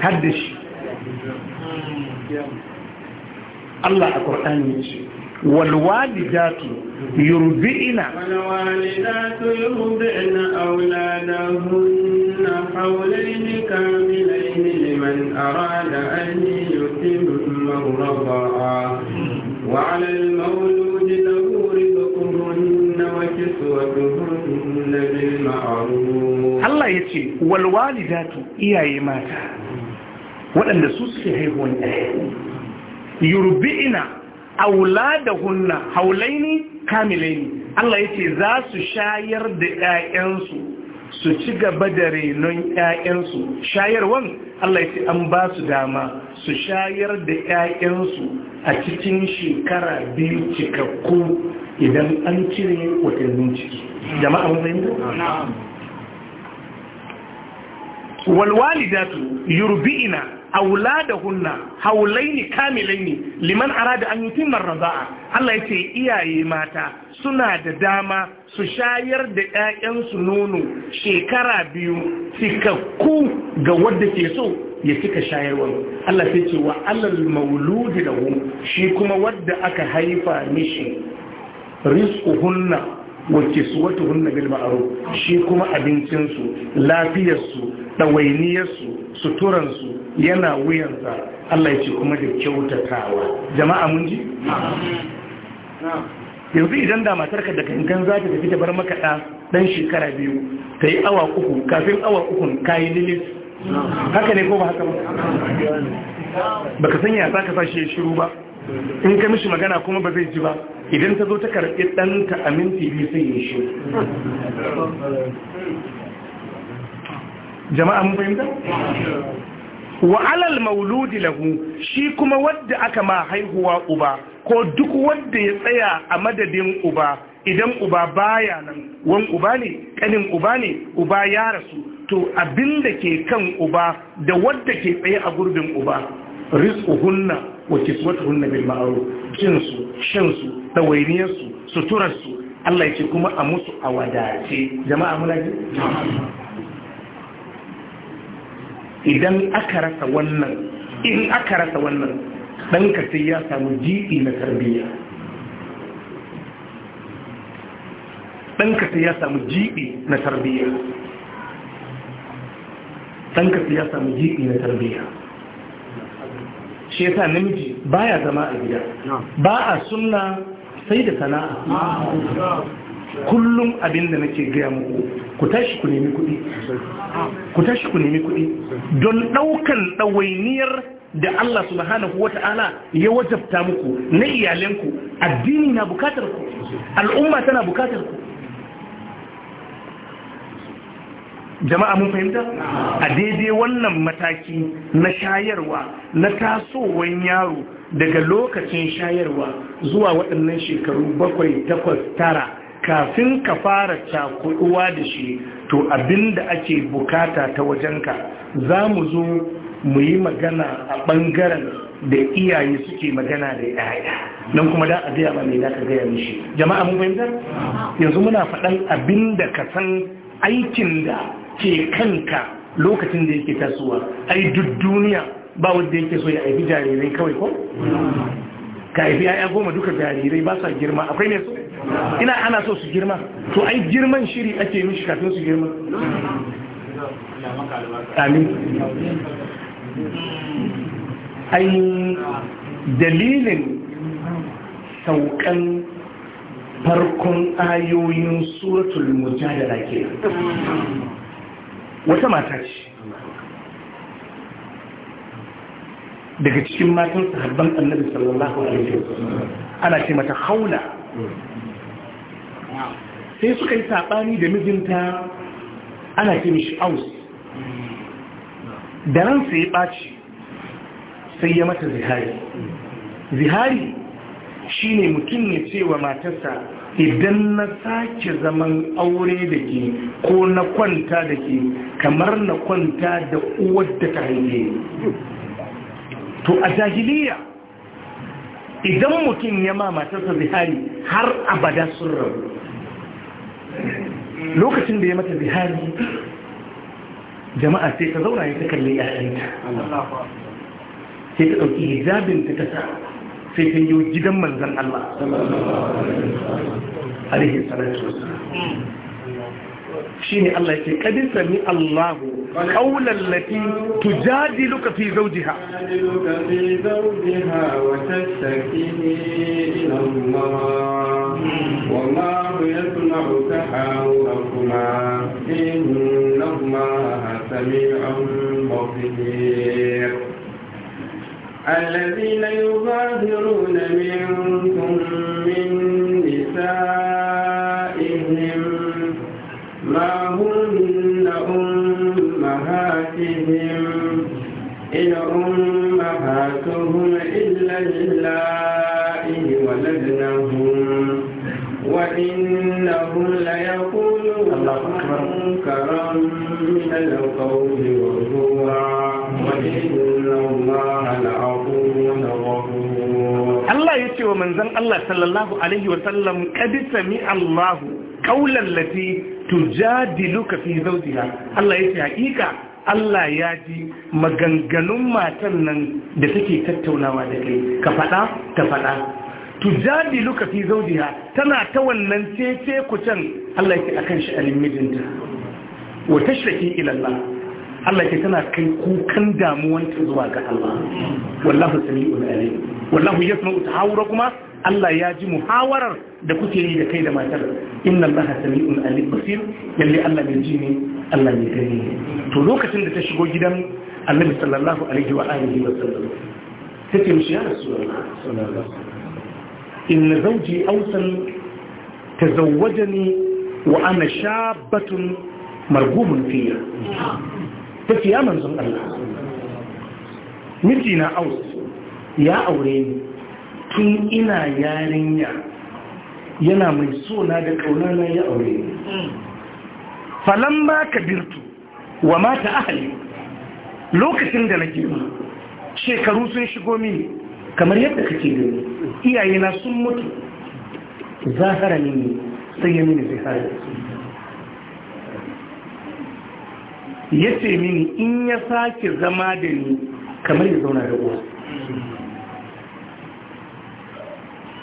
[SPEAKER 1] hadda shi Allah a ƙwarɗani ce والوالدات
[SPEAKER 2] يربئن والوالدات يربئن أولادهن حولين كاملين لمن أراد أن يتم الرضاعة وعلى المولود له رزقهن وكسوتهن بالمعروف الله
[SPEAKER 1] يتي والوالدات إياي ماتا waɗanda su suke haihuwan ɗaya yurbi'ina da aula ne haulaini kamilaini Allah yace za su shayar da ƴaƴansu su ci gaba da renon ƴaƴansu shayarwan Allah yace an ba su dama su shayar da ƴaƴansu a cikin shekara biyu cikakku idan an cire watannin ciki jama'a mun fahimta walwalidatu yurbi'ina da hunna, haulai ne kamilai kamilaini liman arada an yutimma raza'a Allah yace iyaye mata suna da dama su shayar da ƴaƴansu nono shekara biyu cikakku ga wanda ke so ya cika shayarwa Allah sai ce wa alal mauludi lahu shi kuma wanda aka haifa mishi hunna wa hunna bil ma'ruf shi kuma abincinsu lafiyarsu ɗawainiyarsu suturansu yana wuyansa Allah ya ce kuma da kyautatawa jama'a mun ji yanzu idan da matarka da kankan za ta tafi ta bar maka ɗa ɗan shekara biyu ta yi awa uku kafin awa uku ka yi lilis haka ne ko ba haka ba ka sanya za ka sashi ya shiru ba in ka mishi magana kuma ba zai ji ba idan ta zo ta karɓi ɗanta a minti biyu sai ya shi
[SPEAKER 3] jama'a mun fahimta
[SPEAKER 1] wa alal mauludi lahu shi kuma wadda aka ma haihuwa uba ko duk wadda ya tsaya a madadin uba idan uba baya nan wan uba ne kanin uba ne uba ya rasu to abin da ke kan uba da wadda ke tsaye a gurbin uba rizquhunna wa kiswatuhunna bil ma'ruf jinsu shansu dawainiyarsu suturarsu Allah ya ce kuma a musu a wadace jama'a muna ji idan aka rasa wannan in aka rasa wannan ɗanka sai ya samu jiɗi na tarbiyya ɗanka sai ya samu jiɗi na tarbiyya sai ya samu na tarbiyya shi yasa namiji baya zama a gida ba a sunna sai da sana'a kullum abin da nake gaya muku ku tashi ku nemi kuɗi ku tashi ku nemi kuɗi don ɗaukan ɗawainiyar da Allah subhanahu wata'ala ya wajabta muku na iyalanku addini na bukatar ku al'umma tana bukatar ku jama'a mun fahimta a daidai wannan mataki na shayarwa na tasowan yaro daga lokacin shayarwa zuwa waɗannan shekaru bakwai takwas tara kafin ka fara cakuduwa da shi to abinda ake bukata ta wajenka za mu zo mu yi magana a ɓangaren da iyaye suke magana da yaya nan kuma da a gaya mai da gaya mishi jama'a mun fahimta yanzu muna faɗan abin da ka san aikin da ke kanka lokacin da yake tasowa ai duk duniya ba wanda yake so ya aibi jarirai kawai ko ka haifi ya'ya goma duka jarirai ba sa girma akwai ne su ina ana so su girma to ai girman shiri ake mishi kafin su girma amin ai dalilin saukan farkon ayoyin suratul mujadala ke wata mata ce daga cikin matan sahabban annabi sallallahu alaihi wasallam ana ce mata haula sai suka yi sabani da mijinta ana ce mishi aus da ransa ya ɓaci sai ya mata zihari zihari shine mutum ya ce wa matarsa idan na sake zaman aure da ke ko na kwanta da ke kamar na kwanta da uwar da ta haife to a jahiliya idan mutum ya ma matarsa zihari har abada sun rabu lokacin da ya mata zihari jama'a sai ta zauna ya ta kalli yayanta sai ta ɗauki hijabin ta sa sai ta yi gidan manzan Allah alaihi salatu wasu شيني الله يكي قد سمي الله قول التي تجادلك في زوجها
[SPEAKER 2] تجادلك في زوجها وتشتكي إلى الله والله يسمع تحاوركما إنهما سميع بصير الذين يظاهرون منكم أمهاتهم إلا اللائي ولدنهم وإنهم ليقولون منكرا من القول وزورا وإن الله لعفو
[SPEAKER 1] ومن الله الله صلى الله عليه وسلم قد سمع الله قولا التي تجادلك في زوجها الله يتوى حقيقة Allah ya ji maganganun matan nan da take tattaunawa da kai ka faɗa ta faɗa tujadilu luka fi zaujiha tana ta wannan cece can. Allah yake akan shi alin mijinta wa tashraki ila Allah Allah yake tana kai kukan damuwan ta zuwa ga Allah wallahu sami'un alim wallahu yasma'u kuma Allah ya ji muhawarar da kuke yi da kai da matar inna Allah sami'un alim basir lalle Allah mai ji ne Allah ya gani to lokacin da ta shigo gidan annabi sallallahu alaihi wa alihi wa sallam take mishi ya rasulullah sallallahu inna zawji awsal tazawwajani wa ana shabatun margumun fiya take ya manzon Allah miji na aus ya aure ni tun ina yarinya yana mai sona da na ya aure ni Falan ka birtu wa mata ahali lokacin da na girma shekaru sun shigo mini kamar yadda kake gani iyayena sun mutu zahara ne sai ya mini zahara ya ce mini in ya sake zama da ni kamar ya zauna da uwa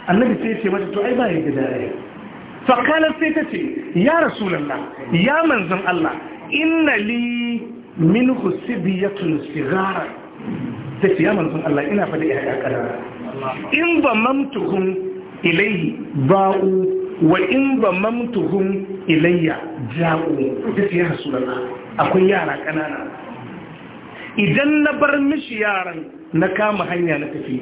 [SPEAKER 1] annabi sai ce mata to ai ba ya gida ya fakalar sai ta ce ya rasulallah ya manzan Allah inna li min husibiyatun sigara ta ce ya manzan Allah ina faɗi ya ƙarara in ba mamtuhun ilayhi ba'u wa in ba mamtuhun ilayya ja'u ta ce ya rasulallah akwai yara ƙanana idan na bar mishi yaran na kama hanya na tafi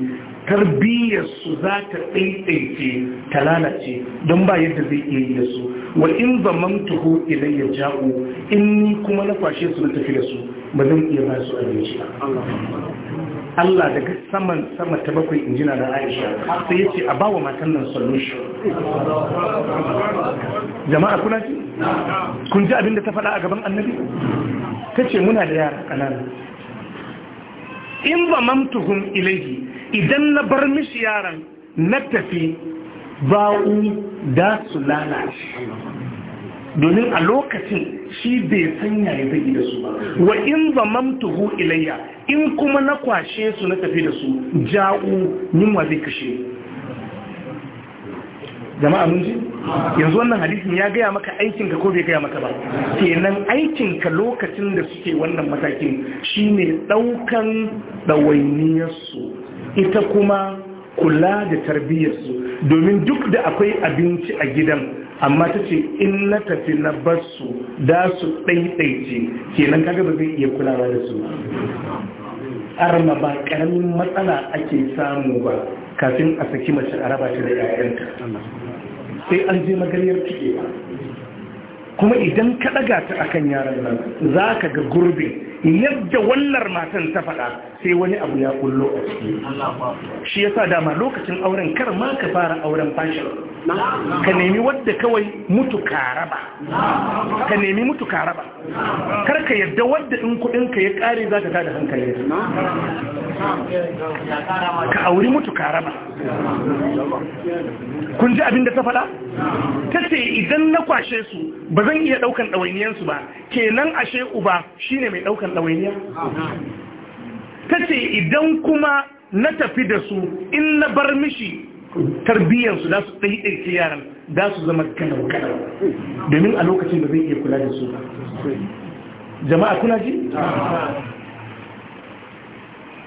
[SPEAKER 1] tarbiyyarsu za ta ɗaiɗaice ta lalace don ba yadda zai iya yi da su wa in mamta tuho idan ya ja'u in ni kuma na fashe su na tafi da su ba zan iya ba su abinci Allah daga saman sama ta bakwai injina da Aisha sai ya ce a ba wa matan nan solution jama'a kuna ce? kun ji abin da ta faɗa a gaban annabi? ta ce muna da yara ƙanana in ba zamamtuhum ilaihi idan na bar mishi yaran na tafi ba'u da su lalace domin a lokacin shi bai sanya ya zai da su ba wa in zamamtuhu ilayya in kuma na kwashe su na tafi da su ja'u wa zai kashe
[SPEAKER 3] jama'a mun ji yanzu
[SPEAKER 1] wannan hadisin ya gaya maka aikinka ko bai gaya maka ba kenan aikinka lokacin da suke wannan matakin shine daukan ɗawainiyarsu ita kuma kula da tarbiyyarsu domin duk da akwai abinci a gidan amma ta ce in na tafi na basu da su ɗaiɗaice kenan kaga ba zai iya kulawa da su arma ba ƙaramin matsala ake samu ba kafin a saki mace a raba da 'ya'yanta sai an je magariyar ba. kuma idan ka ɗaga ta akan yaran nan za ka ga gurbin yadda wallar matan ta faɗa sai wani abu ya kullo a ciki shi sa dama lokacin auren kar ma ka fara auren fashin ka nemi wadda kawai mutu karaba ka nemi mutu karaba kar ka yadda wadda in kudin ka ya kare za ka tada hankali
[SPEAKER 3] ka auri mutu karaba
[SPEAKER 1] kun ji abin da ta faɗa ta ce idan na kwashe su ba zan iya ɗaukan ɗawainiyansu ba kenan ashe uba shine mai ɗaukan ɗaukan ɗawainiya ta ce idan kuma na tafi da su in na bar mishi tarbiyyarsu za su ɗaiɗaike yaran za su zama kanau-kanau domin a lokacin da zai iya kula da su ba jama'a kuna ji?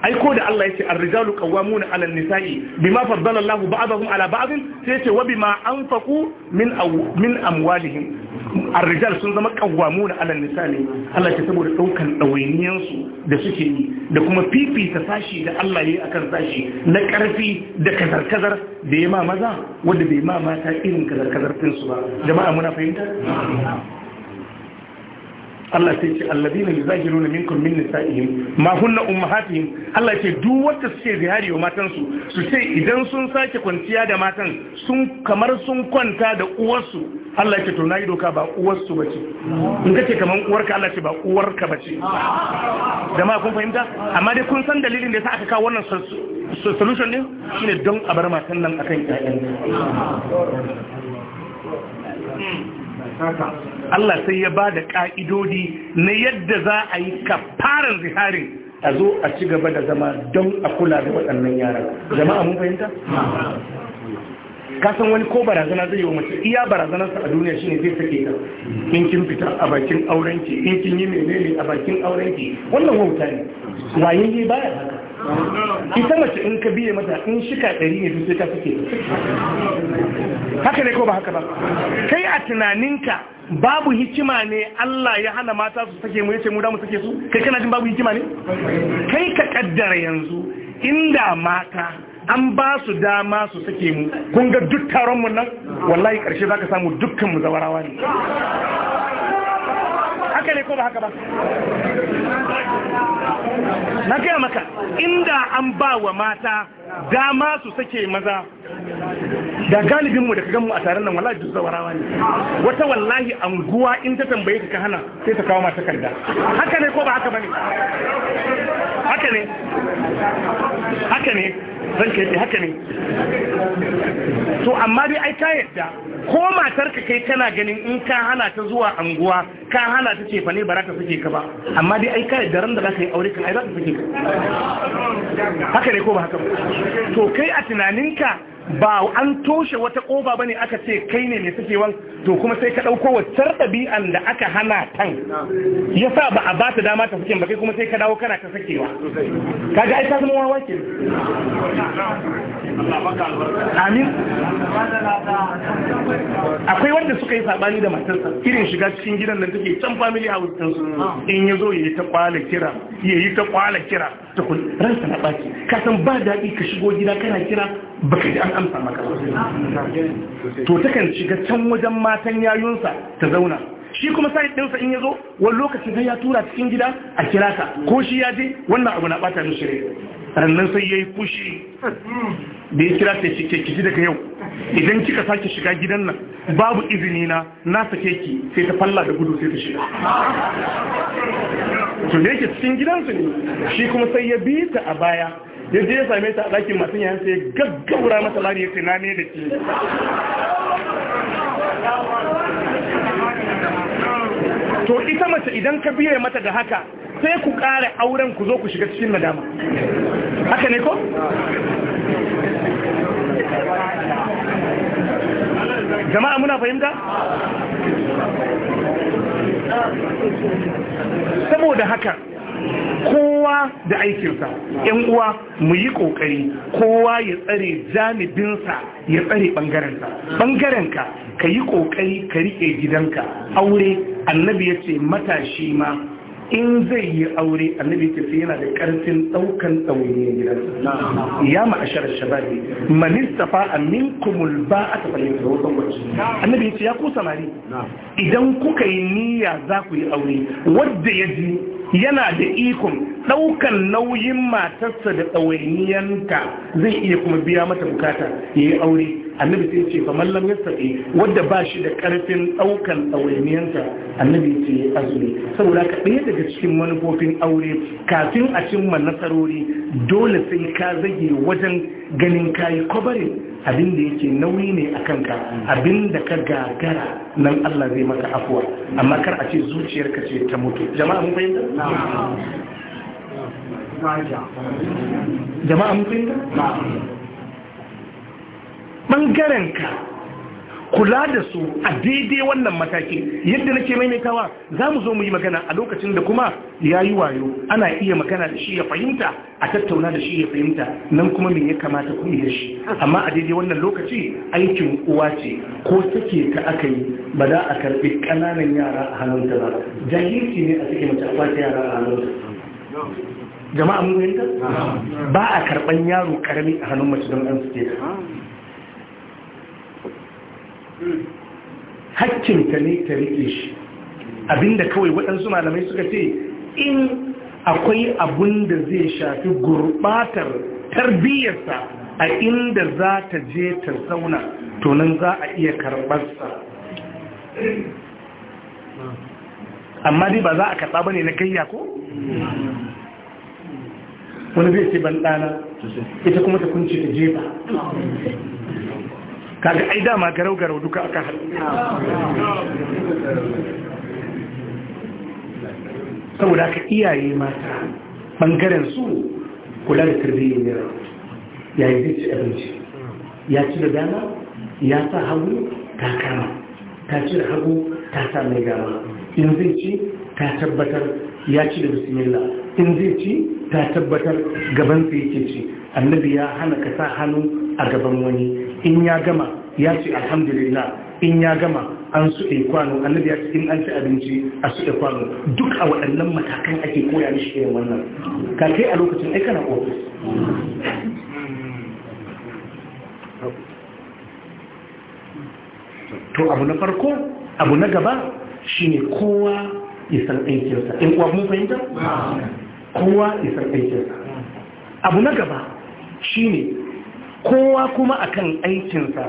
[SPEAKER 1] aiko da Allah ya ce arrijalu qawwamuna 'ala an-nisa'i bima faddala Allahu ba'dahum 'ala ba'd sai ce wa bima anfaqu min min amwalihim الرجال sun zama kawwamu da alal misali Allah ya saboda daukan dawainiyan su da suke yi da kuma fifita sashi da Allah yayi akan sashi na karfi da kazarkazar da ya ma maza wanda bai ma mata irin kazarkazar kazar din su ba jama'a muna fahimta Allah sai ce alladina yuzahiruna minkum min nisa'ihim ma hunna ummahatihim Allah ce duk wanda suke zihari wa matan su su ce idan sun sake kwanciya da matan sun kamar sun kwanta da uwarsu Allah ce to nayi doka ba uwarsu bace in kace kaman uwarka Allah ce ba uwarka bace jama'a kun fahimta amma dai kun san dalilin da yasa aka kawo wannan solution din shine don a bar matan nan akan ƴaƴan hmm. Allah sai ya ba da ƙa'idodi na yadda za a yi kafaran ziharin a zo a ci gaba da zama don a kula da waɗannan yaran jama'a mun fahimta? kasan wani ko barazana zai yi wa mace iya barazanarsa a duniya shine zai sake ka in kin fita a bakin aurenki in kin yi menene a bakin aurenki wannan wauta ne ba baya haka ita mace in ka biye mata in shika ɗari ne sai ka sake
[SPEAKER 3] haka ne ko ba haka
[SPEAKER 1] ba kai a tunaninka babu hikima ne Allah ya hana mata su sake mu yace mu da mu sake su kai kana jin babu hikima ne kai ka kaddara yanzu inda mata an ba su dama su sake mu kun ga duk taron mu nan wallahi karshe zaka samu dukkan mu zawarawa ne haka ne ko ba haka ba na gaya maka inda an ba wa mata dama su sake maza da galibinmu da ka mu a taron nan da duk zawarawa ne wata wallahi anguwa in ta tambaye ka hana sai ta kawo mata karda haka ne ko ba haka bane haka ne haka ne zan kai haka ne to amma dai ai ka yadda ko matar ka kai kana ganin in ka hana ta zuwa anguwa ka hana ta ce fa ne ba za ta sake ka ba amma dai ai ka yadda ran da za ka yi aure kan haka ne ko ba haka ba to kai a tunaninka ba an toshe wata ƙoba ba ne aka ce kai ne mai sakewa to kuma sai ka ɗauko waccar ɗabi'an da aka hana tan ya sa ba a ba ta dama ta suke ba kuma sai ka dawo kana ta sakewa kaga ga ta zama wawa ke
[SPEAKER 2] amin akwai
[SPEAKER 1] wanda suka yi sabani da matarsa irin shiga cikin gidan nan take can family house din su in yazo yayi ta kwala kira yayi ta kwala kira ta kun ransa na baki ka san ba dadi ka shigo gida kana kira baka ji an amsa maka to ta kan shiga can wajen matan yayunsa ta zauna shi kuma sai ɗinsa in ya zo wani lokaci sai ya tura cikin gida a kira ka ko shi ya je wannan abu na bata mishi rai rannan sai yayi yi fushi da ya kira sai ke ki daga yau idan kika sake shiga gidan nan babu izini na na sake ki sai ta falla da gudu sai ta shiga to da yake cikin gidansu ne shi kuma sai ya bi ta a baya ya je ya same ta a dakin masu yayan sai gaggaura mata lari ya ce na ne da ke to ita mace idan ka biye mata da haka sai ku ƙara auren ku zo ku shiga cikin nadama haka ne ko? jama'a muna fahimta? saboda haka kowa da aikinsa yan uwa mu yi kokari kowa ya tsare janibinsa ya tsare bangarenka bangarenka ka yi kokari ka rike gidanka aure annabi ya ce matashi ma in zai yi aure annabi ta sai yana da karfin daukan ɗawainiyar gidansa ya ma'ashar shababi manistafa a minkumul ba a tafayin da wasan wajen annabi ya ku samari idan kuka yi niyya za ku yi aure wadda ya ji yana da ikon ɗaukan nauyin matarsa da ɗawainiyanta zai iya kuma biya mata bukata ya yi aure annabi sai ce fa mallam yastati wanda ba shi da karfin daukan ɗawainiyarsa annabi ce azumi saboda ka ɗaya daga cikin manufofin aure kafin a cimma nasarori dole sai ka zage wajen ganin kayi kwabarin abin da yake nauyi ne a kanka abin da ka gagara nan Allah zai maka afuwa amma kar a ce zuciyarka ce ta mutu jama'a mun fahimta jama'a mun fahimta ka, kula da su a daidai wannan mataki yadda nake maimaitawa za mu zo mu yi magana a lokacin da kuma ya yi wayo ana iya magana da shi ya fahimta a tattauna da shi ya fahimta nan kuma me ya kamata ku iya shi amma a daidai wannan lokaci aikin uwa ce ko take ka aka yi ba za a karɓi ƙananan yara a hannunta ba jahilci ne a cikin mace a fata yara a hannunta jama'a mun ba a karɓan yaro ƙarami a hannun mace don an suke hakkinka ne ta riƙe shi abinda kawai waɗansu malamai suka ce in akwai abun da zai shafi gurbatar tarbiyyarsa a inda za ta je ta zauna tonin za a iya karɓarsa amma dai ba za a karɓa ba ne na kayya ko? wani zai ce ban ɗana ita kuma ta kunce ta jefa kaga ai dama garau garau duka aka haɗu saboda aka iyaye mata bangaren su kula da tarbiyyar ya yi zai ci abinci ya ci da dama ya sa hagu ta kama ta ci da hagu ta sa mai gama in zai ci ta tabbatar ya ci da bismillah in zai ci ta tabbatar gaban sa yake ci annabi ya hana ka sa hannu a gaban wani in ya gama ya ce alhamdulillah in ya gama an suɗe kwano annabi ya ce in an ci abinci a suɗe kwano duk a waɗannan matakan ake koya mishi irin wannan ka kai a lokacin ai na ofis to abu na farko abu na gaba shine kowa isar san aikinsa in kuwa mun fahimta kowa isar san aikinsa abu na gaba shine kowa kuma akan aikinsa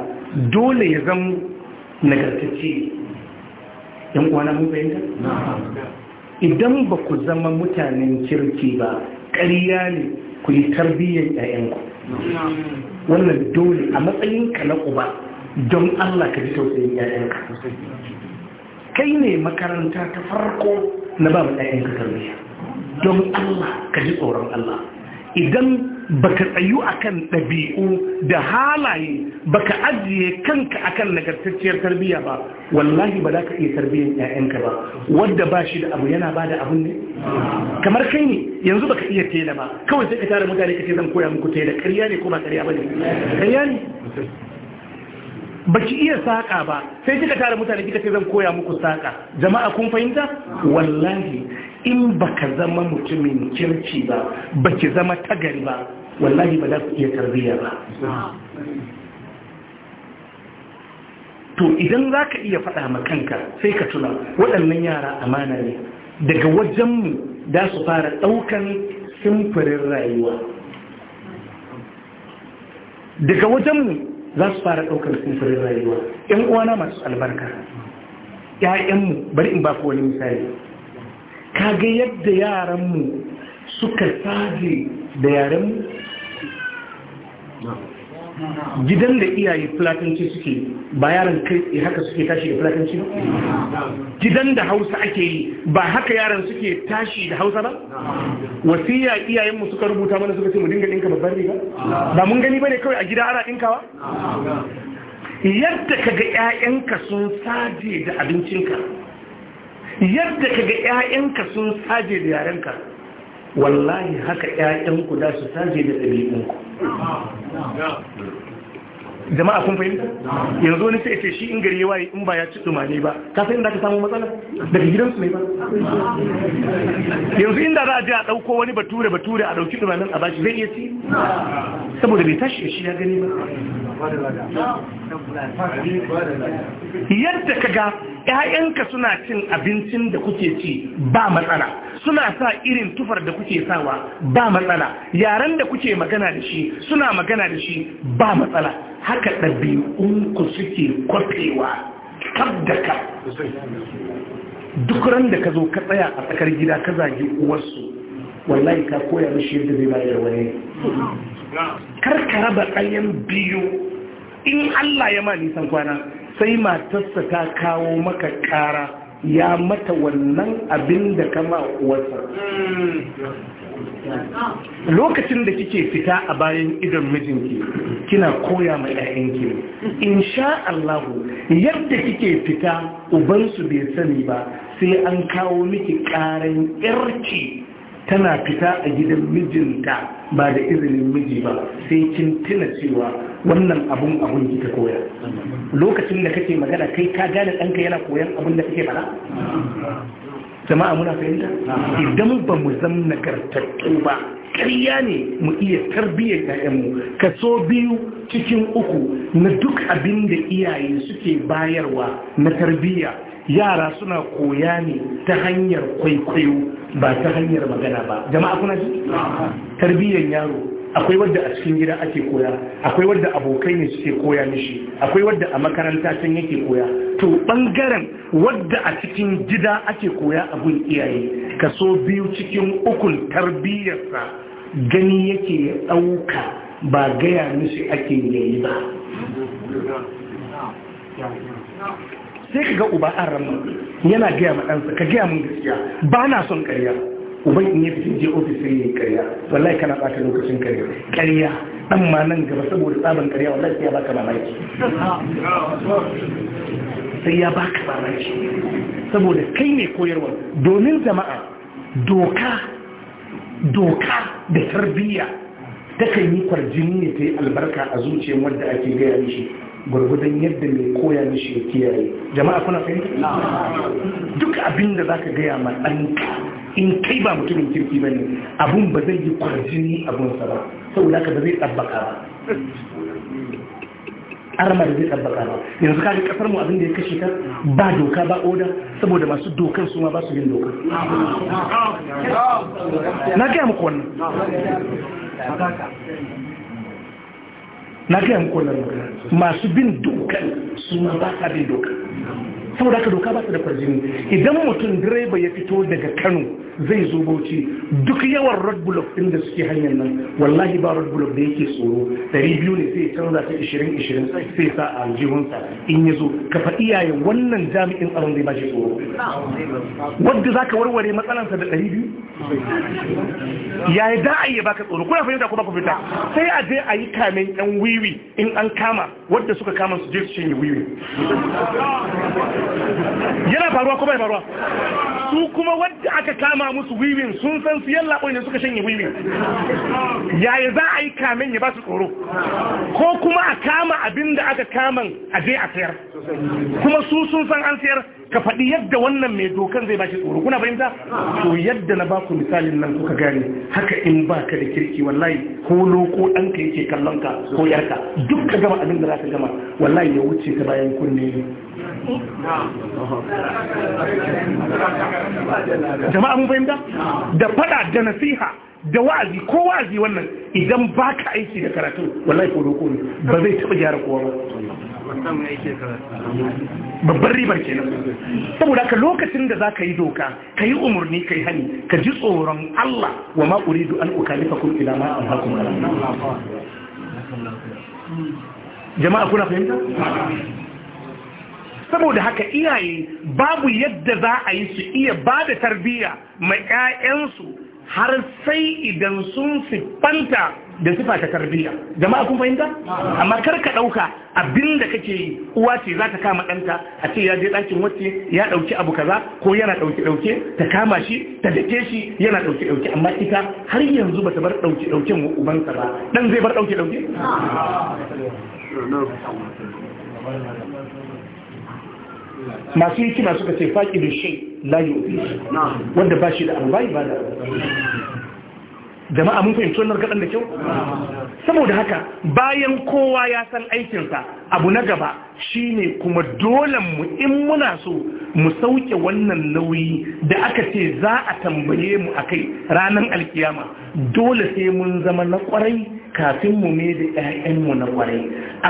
[SPEAKER 1] dole ya zama nagartacce yan uwana mun fahimta idan ba ku zama mutanen kirki ba ƙarya ne ku yi tarbiyyar 'ya'yanku wannan dole a matsayin na uba don Allah ka ji tausayin 'ya'yanka kai ne makaranta ta farko na ba mu 'ya'yanka tarbiyya don Allah ka ji tsoron Allah idan baka tsayu akan ɗabi'u da halaye baka ajiye kanka akan nagartacciyar tarbiyya ba wallahi ba za ka iya tarbiyyar 'ya'yanka ba wadda ba shi da abu yana ba da abun ne kamar kai ne yanzu baka iya tela ba kawai sai ka tara mutane ka ce zan koya muku tela ƙarya ne ko ba ƙarya ba ne ƙarya ne baki iya saƙa ba sai kika tara mutane kika ce zan koya muku saƙa jama'a kun fahimta wallahi in baka zama mutumin kirki ba baki zama tagari ba wallahi ba za su iya tarbiyya ba to idan za ka iya faɗa ma kanka sai ka tuna waɗannan yara amana ne daga wajenmu da su fara ɗaukan simfirin rayuwa daga wajenmu za su fara ɗaukar simfirin rayuwa ‘yan uwana masu albarka ‘ya'yanmu bari in ba ku wani misali ka ga yadda yaranmu suka saje da yaren gidan da iyaye fulatanci suke ba yaran kai haka suke tashi da fulatanci ba gidan da hausa ake yi ba haka yaran suke tashi da hausa ba wasiya iyayenmu suka rubuta mana suka ce mu dinga dinka babbar riga ba mun gani bane kawai a gida ana dinkawa yadda kaga ƴaƴanka sun saje da abincinka yadda kaga ƴaƴanka sun saje da yarenka wallahi haka ‘ya'yanku da su saje da ɗabi'unku jama'a kun fahimta yanzu wani sai ce shi in gari waye in ba ya ci dumane ba ka san inda ka samu matsala daga gidansu ne ba yanzu inda za a je a ɗauko wani bature bature a ɗauki dumanen a bashi zai iya ci saboda bai tashi shi ya gani ba yadda ka ga ƴaƴanka suna cin abincin da kuke ci ba matsala suna sa irin tufar da kuke sawa ba matsala yaren da kuke magana da shi suna magana da shi ba matsala haka ku suke kwafewa kaf da kaf duk ran da ka zo ka tsaya a tsakar gida ka zagi uwarsu wallahi ka koya mishi yadda zai bayar wani karkara raba ɗayan biyu in Allah ya ma nisan kwana sai matarsa ta kawo maka ƙara ya mata wannan abin da kama uwarsa lokacin da kike fita a bayan idon mijinki kina koya mai ƴaƴanki in sha Allah yadda kike fita ubansu bai sani ba sai an kawo miki ƙaran ƴarki tana fita a gidan mijinta ba da izinin miji ba sai kin tuna cewa wannan abun abun kika koya lokacin da kake magana kai ka gane ɗanka yana koyan abun da kake fara jama'a muna fahimta idan ba mu zam nagartattu ba ƙarya ne mu iya tarbiyyar ƴaƴanmu kaso biyu cikin uku na duk abin da iyaye suke bayarwa na tarbiyya yara suna koya ne ta hanyar kwaikwayo ba ta hanyar magana ba jama'a kuna ji tarbiyyar yaro akwai wadda a cikin gida ake koya akwai wadda abokai ne suke koya mishi akwai wadda a makaranta can yake koya to bangaren wadda a cikin gida ake koya abun iyaye kaso biyu cikin ukun tarbiyyarsa gani yake ya ɗauka ba gaya mishi ake yayi ba sai ka ga uba an yana gaya ma ɗansa ka gaya mun gaskiya ba na son ƙarya uban in ya fitin je ofis sai ya yi karya wallahi kana bata lokacin karya karya dan ma nan gaba saboda tsaban karya wallahi sai ya baka mamaki sai ya baka mamaki saboda kai ne koyarwa domin jama'a doka doka da tarbiyya takan yi kwarjini ne ta albarka a zuciyar wanda ake gaya mishi gwargwadon yadda mai koya mishi ya kiyaye jama'a kuna fahimta duk abin da zaka gaya ma ɗanka in kai ba mutumin kirki ba ne abun ba zai yi kwarjini abunsa ba saboda ka ba zai tsabbaka ba arma da zai tsabbaka ba yanzu kaga kasar mu abin da ya kashe ta, ba doka ba oda saboda masu dokan su ma ba su yin doka
[SPEAKER 3] na gaya muku wannan
[SPEAKER 1] na kai yanku wannan masu bin dokan su ma ba sa bin dokan saboda haka doka ba su da farjini idan mutum direba ya fito daga kano zai zo bauchi duk yawan road block din da suke hanyar nan wallahi ba road block da yake tsoro 200 ne sai canza ta 20-20 sai sa a in ya zo ka faɗi yayin wannan jami'in tsaron zai ba shi tsoro wadda za ka warware matsalansa da 200 ya yi da a yi baka tsoro kuna fahimta ko baka fita sai a je a yi kamen yan wiwi in an kama wadda suka kama su je su shanye wiwi yana faruwa kuma ya faruwa su kuma wadda aka kama musu wiwin sun san su yalla ne suka shanye wiwi ya yi za a yi kamen ya ba su tsoro ko kuma a kama abin da aka kaman a je a sayar kuma su sun san an sayar ka faɗi yadda wannan mai dokan zai ba shi tsoro kuna fahimta to yadda na baku misalin nan kuka gane haka in baka da kirki wallahi ko loko ɗanka yake kallon ka ko yarka duk ka gama abin da za ka gama wallahi ya wuce ta bayan kunne
[SPEAKER 3] jama'a mun fahimta da
[SPEAKER 1] faɗa da nasiha da wa'azi ko wa'azi wannan idan baka aiki da karatu wallahi ko loko ne ba zai taɓa gyara kowa ba babban ribar kenan saboda ka lokacin da za ka yi doka ka yi umarni ka yi hani ka ji tsoron Allah wa ma'uridu an ukalifa kun ila ma an mara. jama'a kuna fahimta saboda haka iyaye babu yadda za a yi su iya ba da tarbiyya ma 'ya'yansu har sai idan sun siffanta da sifa ta tarbiyya jama'a kun fahimta amma kar ka dauka abinda kake yi uwa ce za ta kama danta a ce ya je dakin wacce ya dauki abu kaza ko yana dauki dauke ta kama shi ta dake shi yana dauki dauke amma ita har yanzu bata bar dauki dauken ubansa ba dan zai bar dauki dauke masu hikima suka ce faƙi da shi layu wanda ba shi da abu ba da jama'a mun fahimci wannan kaɗan da kyau saboda haka bayan kowa ya san aikinsa abu na gaba shine kuma dole mu in muna so mu sauke wannan nauyi da aka ce za a tambaye mu a kai ranar alkiyama dole sai mun zama na kwarai kafin mu mai da mu na kwarai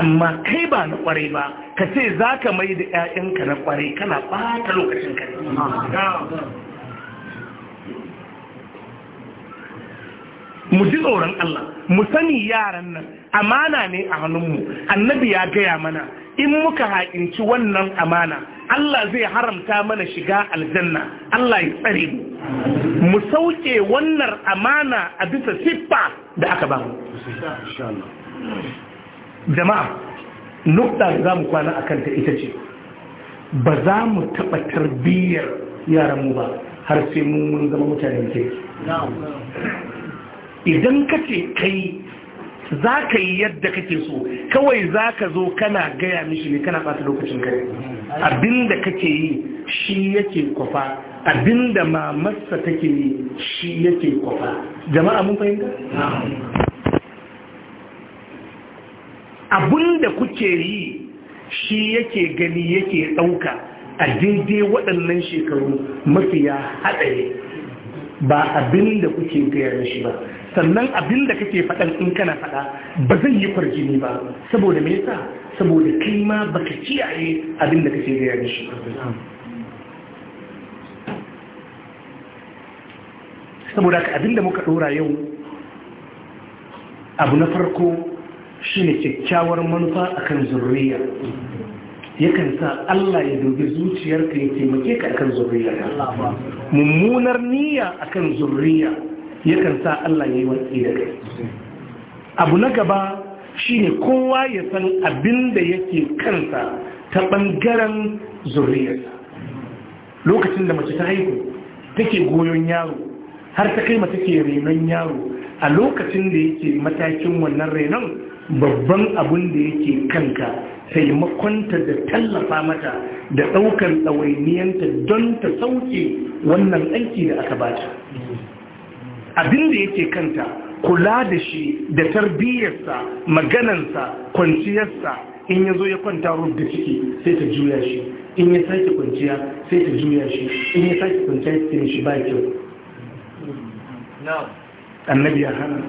[SPEAKER 1] amma kai ba na kwarai ba ka ce za ka mai da 'ya'yanka na kwarai kana ɓata lokacin kai mu ji tsoron Allah mu sani yaran nan amana ne a hannunmu annabi ya gaya mana in muka haƙinci wannan amana Allah zai haramta mana shiga aljanna Allah ya tsare mu mu sauke wannan amana a bisa siffa da aka ba mu jama'a nukta da za mu kwana a kanta ita ce ba za mu taɓa tarbiyyar yaranmu ba har sai mun zama mutane ke idan ka ce kai za ka yi yadda kake so kawai za ka zo kana gaya mishi ne kana ɓata lokacin kai abinda kake yi shi yake kwafa abinda mamarsa take yi shi yake kwafa jama'a mun fahimta abinda kuke yi shi yake gani yake ɗauka a daidai waɗannan shekaru mafiya haɗari ba abinda kuke gaya mishi ba sannan abin da kake faɗan in kana faɗa ba zai yi ne ba saboda me yasa saboda kai ma baka kiyaye abin da kake gaya da shi saboda ka abin da muka ɗora yau abu na farko shine kyakkyawar manufa akan zurriya yakan sa Allah ya dubi zuciyarka ya taimake ka akan zurriya mummunar niyya akan zurriya yakan sa Allah ya yi watsi da kai abu na gaba shi ne kowa ya san abin da yake kansa ta ɓangaren zurriyarsa lokacin da mace ta haihu take goyon yaro har ta kai mata ke renon yaro a lokacin da yake matakin wannan renon babban abin da yake kanka taimakonta da tallafa mata da ɗaukar ɗawainiyanta don ta sauke wannan aiki da aka bata abin da yake kanta kula da shi da tarbiyyarsa maganansa kwanciyarsa in ya zo ya kwanta rub da ciki sai ta juya shi in ya sake kwanciya sai ta juya shi in ya sake kwanciya sai ta shi ba kyau annabi ya hana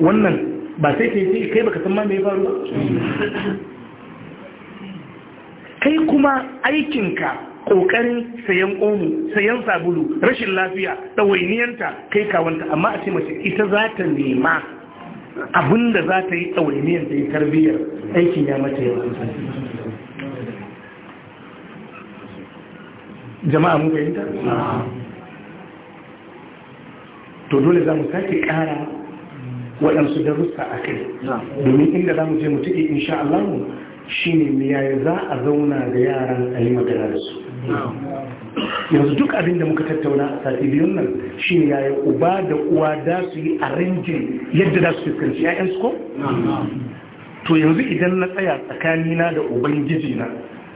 [SPEAKER 1] wannan ba sai ta yi kai baka san ma mai faru kai kuma aikinka kokarin sayan omo sayan sabulu rashin lafiya ɗawainiyanta kai kawanta amma a ce mace ita za ta nema abin da za ta yi ɗawainiyar ta yi tarbiyyar aikin ya mata yawa jama'a mu fahimta? to dole za mu sake ƙara waɗansu darussa a kai domin inda za mu je mu in insha Allah shi ne yaya za a zauna da yaran a yi da su yanzu duk abin da muka tattauna a sati biyun nan shi ne yaya uba da uwa da su yi a rinjin yadda za su fuskanci ya'yan su ko to yanzu idan na tsaya tsakanina da ubangiji na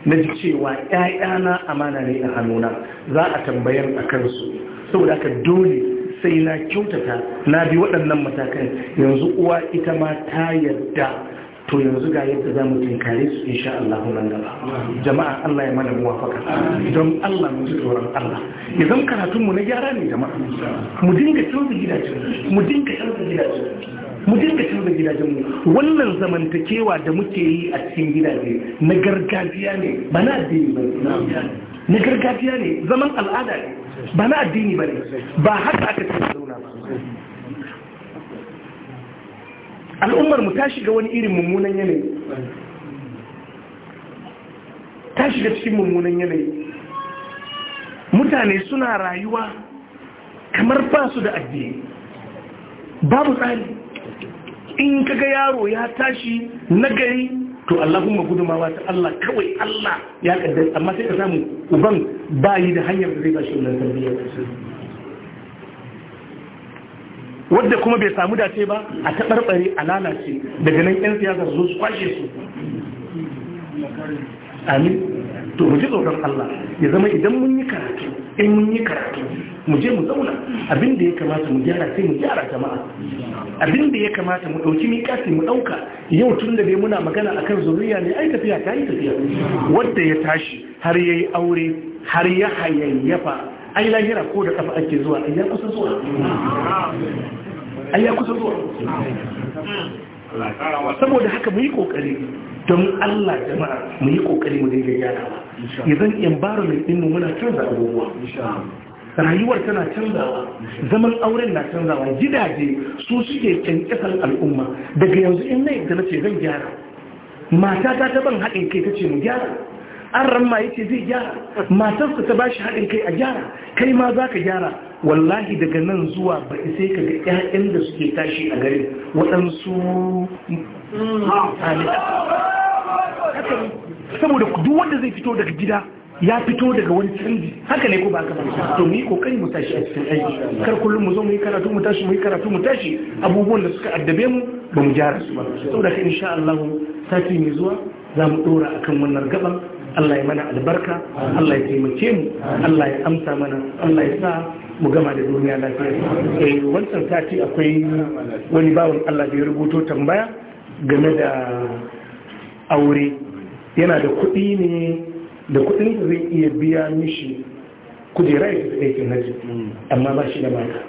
[SPEAKER 1] na ji cewa ‘ya'yana amana ne a hannuna za a tambayar a kansu saboda haka dole sai na kyautata na bi waɗannan matakan yanzu uwa ita ma ta yarda. to yanzu ga yadda za mu tinkare su insha Allah nan gaba jama'a Allah ya mana muwafaka don Allah mu ji tsoron Allah ya zama karatun mu na gyara ne jama'a mu dinga canza gidajen mu dinga canza gidajen mu dinga canza gidajen mu wannan zamantakewa da muke yi a cikin gidaje na gargajiya ne ba na addini ba na gargajiya ne zaman al'ada ne ba na addini ba ne ba haka aka ce zauna ba al'ummar mu ta shiga wani irin mummunan yanayi ta shiga cikin mummunan yanayi mutane suna rayuwa kamar ba su da addini babu tsari in kaga yaro ya tashi na gari to allahumma gudumawa ta Allah kawai Allah ya kaddar amma sai ka samu uban bayi da hanyar da zai bashi wannan tarbiyyar wadda kuma bai samu dace ba a taɓarɓare a lalace daga nan 'yan siyasa su su kwashe su amin to mu ji tsoron Allah ya zama idan mun yi karatu in mun yi karatu mu je mu zauna abin da ya kamata mu gyara sai mu gyara jama'a abin da ya kamata mu ɗauki miƙa kasi mu ɗauka yau tun da dai muna magana akan zuriya ne ai tafiya ta yi tafiya wadda ya tashi har ya yi aure har ya hayayyafa ai lahira ko da kafa ake zuwa ai ya kusa zuwa
[SPEAKER 3] ai ya kusa zuwa
[SPEAKER 1] saboda haka mu yi kokari don Allah jama'a mu yi kokari mu dinga gyarawa yanzu environment din mu muna canza abubuwa rayuwar tana canzawa zaman auren na canzawa gidaje su suke kyankyasan al'umma daga yanzu in na yadda na ce zan gyara mata ta ta ban haɗin kai ta ce mu gyara an ramma ce zai gyara matarsa ta bashi haɗin kai a gyara kai ma za ka gyara wallahi daga nan zuwa ba sai ka ga ƴaƴan da suke tashi a gare waɗansu hmm, saboda duk wanda zai fito daga gida ya fito daga wani canji haka ne ko ba ka ba to mu yi kokari mu tashi a cikin aiki kar kullum mu zo mu yi karatu mu tashi mu yi karatu mu tashi abubuwan da suka addabe mu ba mu gyara su ba saboda ka insha Allah sati mai zuwa za mu dora akan wannan gaban Allah ya mana albarka Allah ya taimake mu Allah ya amsa mana Allah ya sa mu gama da duniya lafiya eh wancan sati akwai wani bawan Allah da ya rubuto tambaya game da aure yana da kuɗi ne da kuɗin zai iya biya mishi kujera ya fi aikin hajji amma ba shi da mata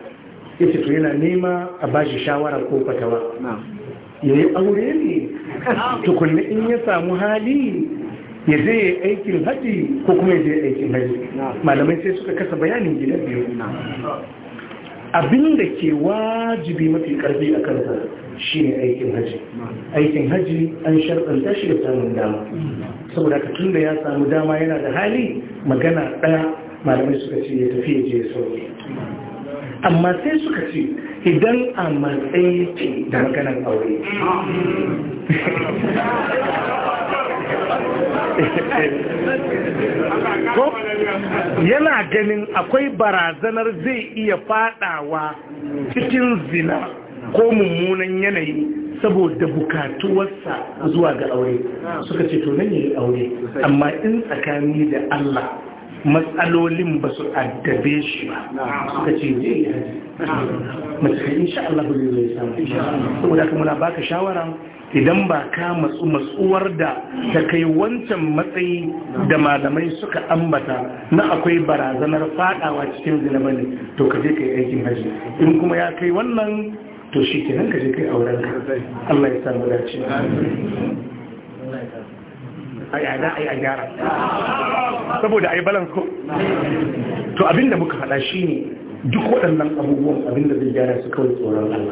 [SPEAKER 1] Yace to yana nema a ba shi shawara ko fatawa ya yi aure ne tukunna in ya samu hali ya je ya aikin haji ko kuma ya je aikin haji malamai sai suka kasa bayanin gida biyu abinda ke wajibi mafi karfi a kansa shi ne aikin haji aikin haji an sharɗanta shi da samun dama saboda ka tun da ya samu dama yana da hali magana ɗaya malamai suka ce ya tafi ya je amma sai suka ce idan a matsayi ce da maganar aure yana ganin akwai barazanar zai iya fadawa cikin zina ko mummunan yanayi saboda bukatuwarsa zuwa ga aure suka ce to nan yi aure amma in tsakani da Allah matsalolin ba su addabe shi ba suka ce je yi insha Allah zai zai samu saboda kuma na baka shawara idan ba ka matsu matsuwar da ta kai wancan matsayi da malamai suka ambata na akwai barazanar fadawa cikin zinabani to ka je ka yi aikin haji in kuma ya kai wannan to shi kenan ka je kai auren aurenka Allah ya samu dace a yi saboda a yi to abinda muka faɗa shi duk waɗannan abubuwan abinda zai gyara su kawai tsoron Allah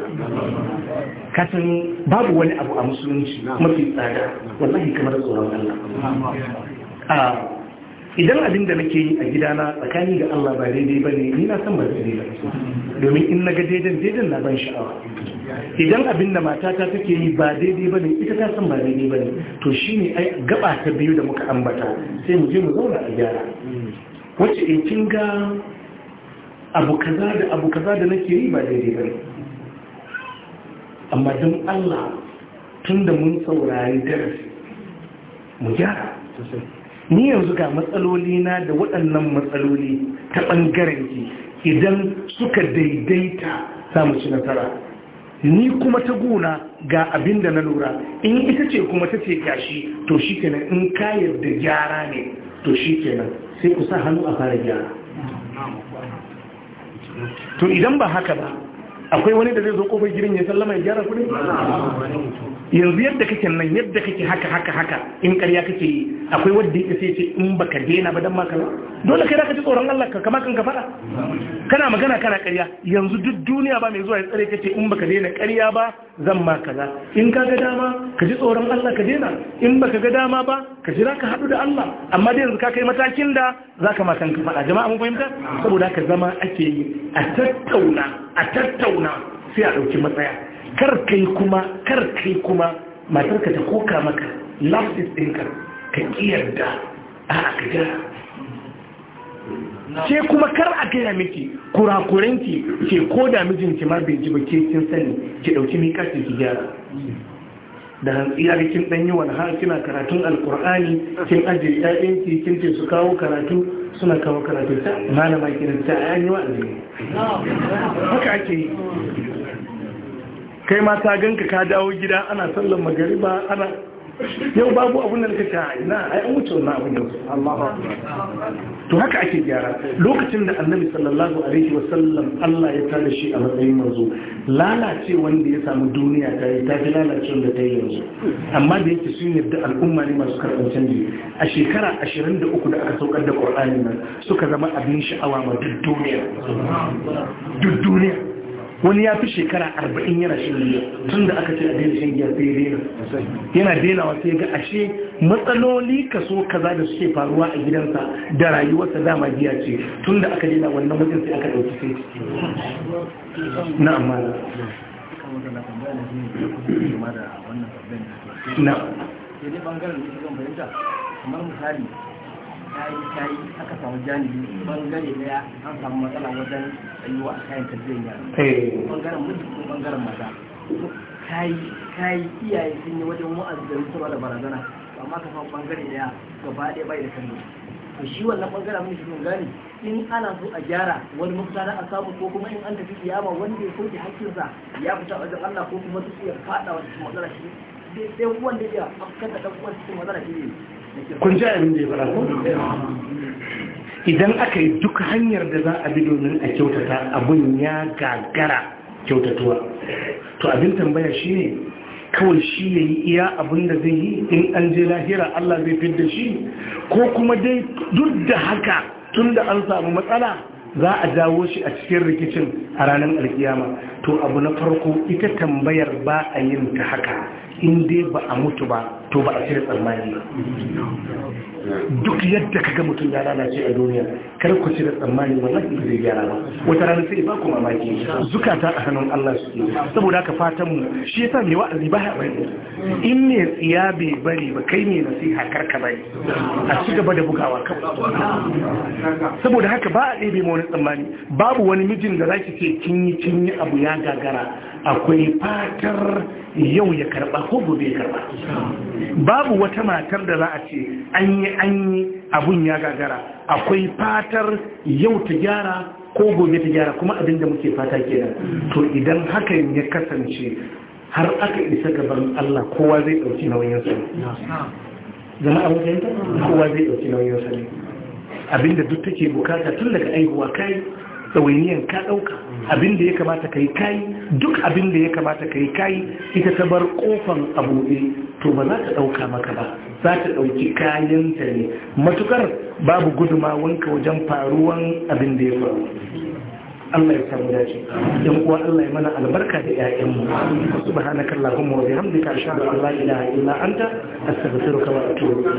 [SPEAKER 1] kasan babu wani abu a musulunci mafi tsada wallahi kamar tsoron Allah ah, idan abin da nake yi a gidana tsakani ga Allah ba daidai ba ne ni na san ba daidai ba domin in na ga daidan daidan na ban sha'awa idan abin da matata take yi ba daidai ba ne ita ta san ba daidai ba ne to shi ne ai gaba ta biyu da muka ambata sai mu je mu zauna a gyara wacce in kin ga abu kaza da abu kaza da nake yi ba daidai ba ne amma don Allah tun da mun saurari darasi mu gyara sosai ni yanzu ga matsaloli na da waɗannan matsaloli ta ɓangaren ki idan suka daidaita za mu ci nasara ni kuma ta guna ga abin da na lura in ita ce kuma ta ce gashi to shi kenan in ka yarda gyara ne to shi kenan sai ku sa hannu a fara gyara to idan ba haka ba akwai wani da zai zo kofar girin ya sallama ya gyara kudin yanzu yadda kake nan yadda kake haka haka haka in ƙarya kake yi akwai wadda ya sai ce in baka dena ba dan maka dole kai zaka ji tsoron Allah ka kama kanka fara kana magana kana ƙarya yanzu duk duniya ba mai zuwa ya tsare kace in baka dena ƙarya ba zan ma kaza in ka ga dama ka ji tsoron Allah ka dena in baka ga dama ba ka jira ka hadu da Allah amma dai yanzu ka kai matakin da zaka ma kanka fara jama'a mun fahimta saboda haka zama ake yi a tattauna a tattauna sai a ɗauki matsaya kar kai kuma kar kuma matarka ta koka maka lafis ɗinka ka ƙiyarda a ka ce kuma kar a gaya miki kurakurenki ce ko da mijinki ma bai ji ba ke kin sani ki ɗauki mika ce ki gyara da hantsiya da kin wani har kina karatun alkur'ani kin ajiye ɗaɗinki kin ce su kawo karatu suna kawo karatu ta malama kiran ta an yi wa'azi haka ake yi kai ma ta ganka ka dawo gida ana sallan magariba ana yau babu abun da kake ina ai an wuce wannan abun yau to haka ake gyara lokacin da annabi sallallahu alaihi wasallam Allah ya tada shi a matsayin manzo lalace wanda ya samu duniya ta yi ta lalace wanda ta yi yanzu amma da yake sun yarda al'umma ne masu karɓar canji a shekara 23 da aka saukar da Qur'ani nan suka zama abin sha'awa ma duniya duk duniya wani ya fi shekara arba'in yana shi tunda tun da aka ce a daina shan giya sai daina yana dainawa sai ga ashe matsaloli kaso kaza da suke faruwa a gidansa da rayuwarsa dama giya ce tun da aka daina wannan mutum sai aka ɗauki sai na amma na na misali ta aka samu janibi bangare daya an samu matsala wajen tsayuwa a kayan tarbiyyar yara eh. bangaren mutu, ko bangaren maza kayi kayi iyaye sun yi wajen wa'azi da rutarwa da barazana amma ka samu bangare daya gaba daya bai da kallo to shi wannan bangaren mun shi gani in ana so a gyara wani mafita da a samu ko kuma in an tafi kiyama wanda ya soke hakkinsa ya fita wajen Allah ko kuma su iya fada wata cikin matsala shi dai uwan da ya afkata dan uwan cikin matsala shi ne kun ji abin da ya fara idan aka yi duk hanyar da za a bi domin a kyautata abun ya gagara kyautatuwa to abin tambaya shi ne kawai shi ya yi iya abin da zai yi in an je lahira Allah zai fi da shi ko kuma dai duk da haka tun da an samu matsala za a jawo shi a cikin rikicin a ranar alkiyama to abu na farko ita tambayar ba a yin ta haka in dai ba a mutu ba to ba a cire tsammani ba duk yadda ka ga mutum ya lalace a duniya kar ku cire tsammani wallahi ba zai gyara ba wata rana sai ba ku mamaki zukata a hannun Allah su saboda haka fatan mu shi yasa mai wa'azi ba ya bari in ne tsiya bai bari ba kai ne nasiha kar ka bari a ci gaba da bugawa kawai saboda haka ba a ɗebe ma wani tsammani babu wani mijin da zaki ce kin yi kin yi abu ya gagara akwai fatar yau ya karba ko gobe ya karba babu wata matar da za a ce an yi an yi abun ya gagara akwai fatar yau ta gyara ko gobe ta gyara kuma abin da muke fata kenan to idan hakan ya kasance har aka isa gaban Allah kowa zai dauki nauyin sa zama abin fahimta kowa zai dauki nauyin sa ne abinda duk take bukata tun daga aihuwa kai tsawainiyan ka ɗauka abin da ya kamata ka yi kayi duk abin da ya kamata ka yi kayi ita ta bar kofan abu ne. to ba za ta ɗauka maka ba za ta ɗauki kayanta ne matukar babu gudumawanka wajen faruwan abin da ya faru Allah ya samu dace yan uwa Allah ya mana albarka da ƴaƴanmu subhanakallahumma wa bihamdika ashhadu an la ilaha illa anta astaghfiruka wa atubu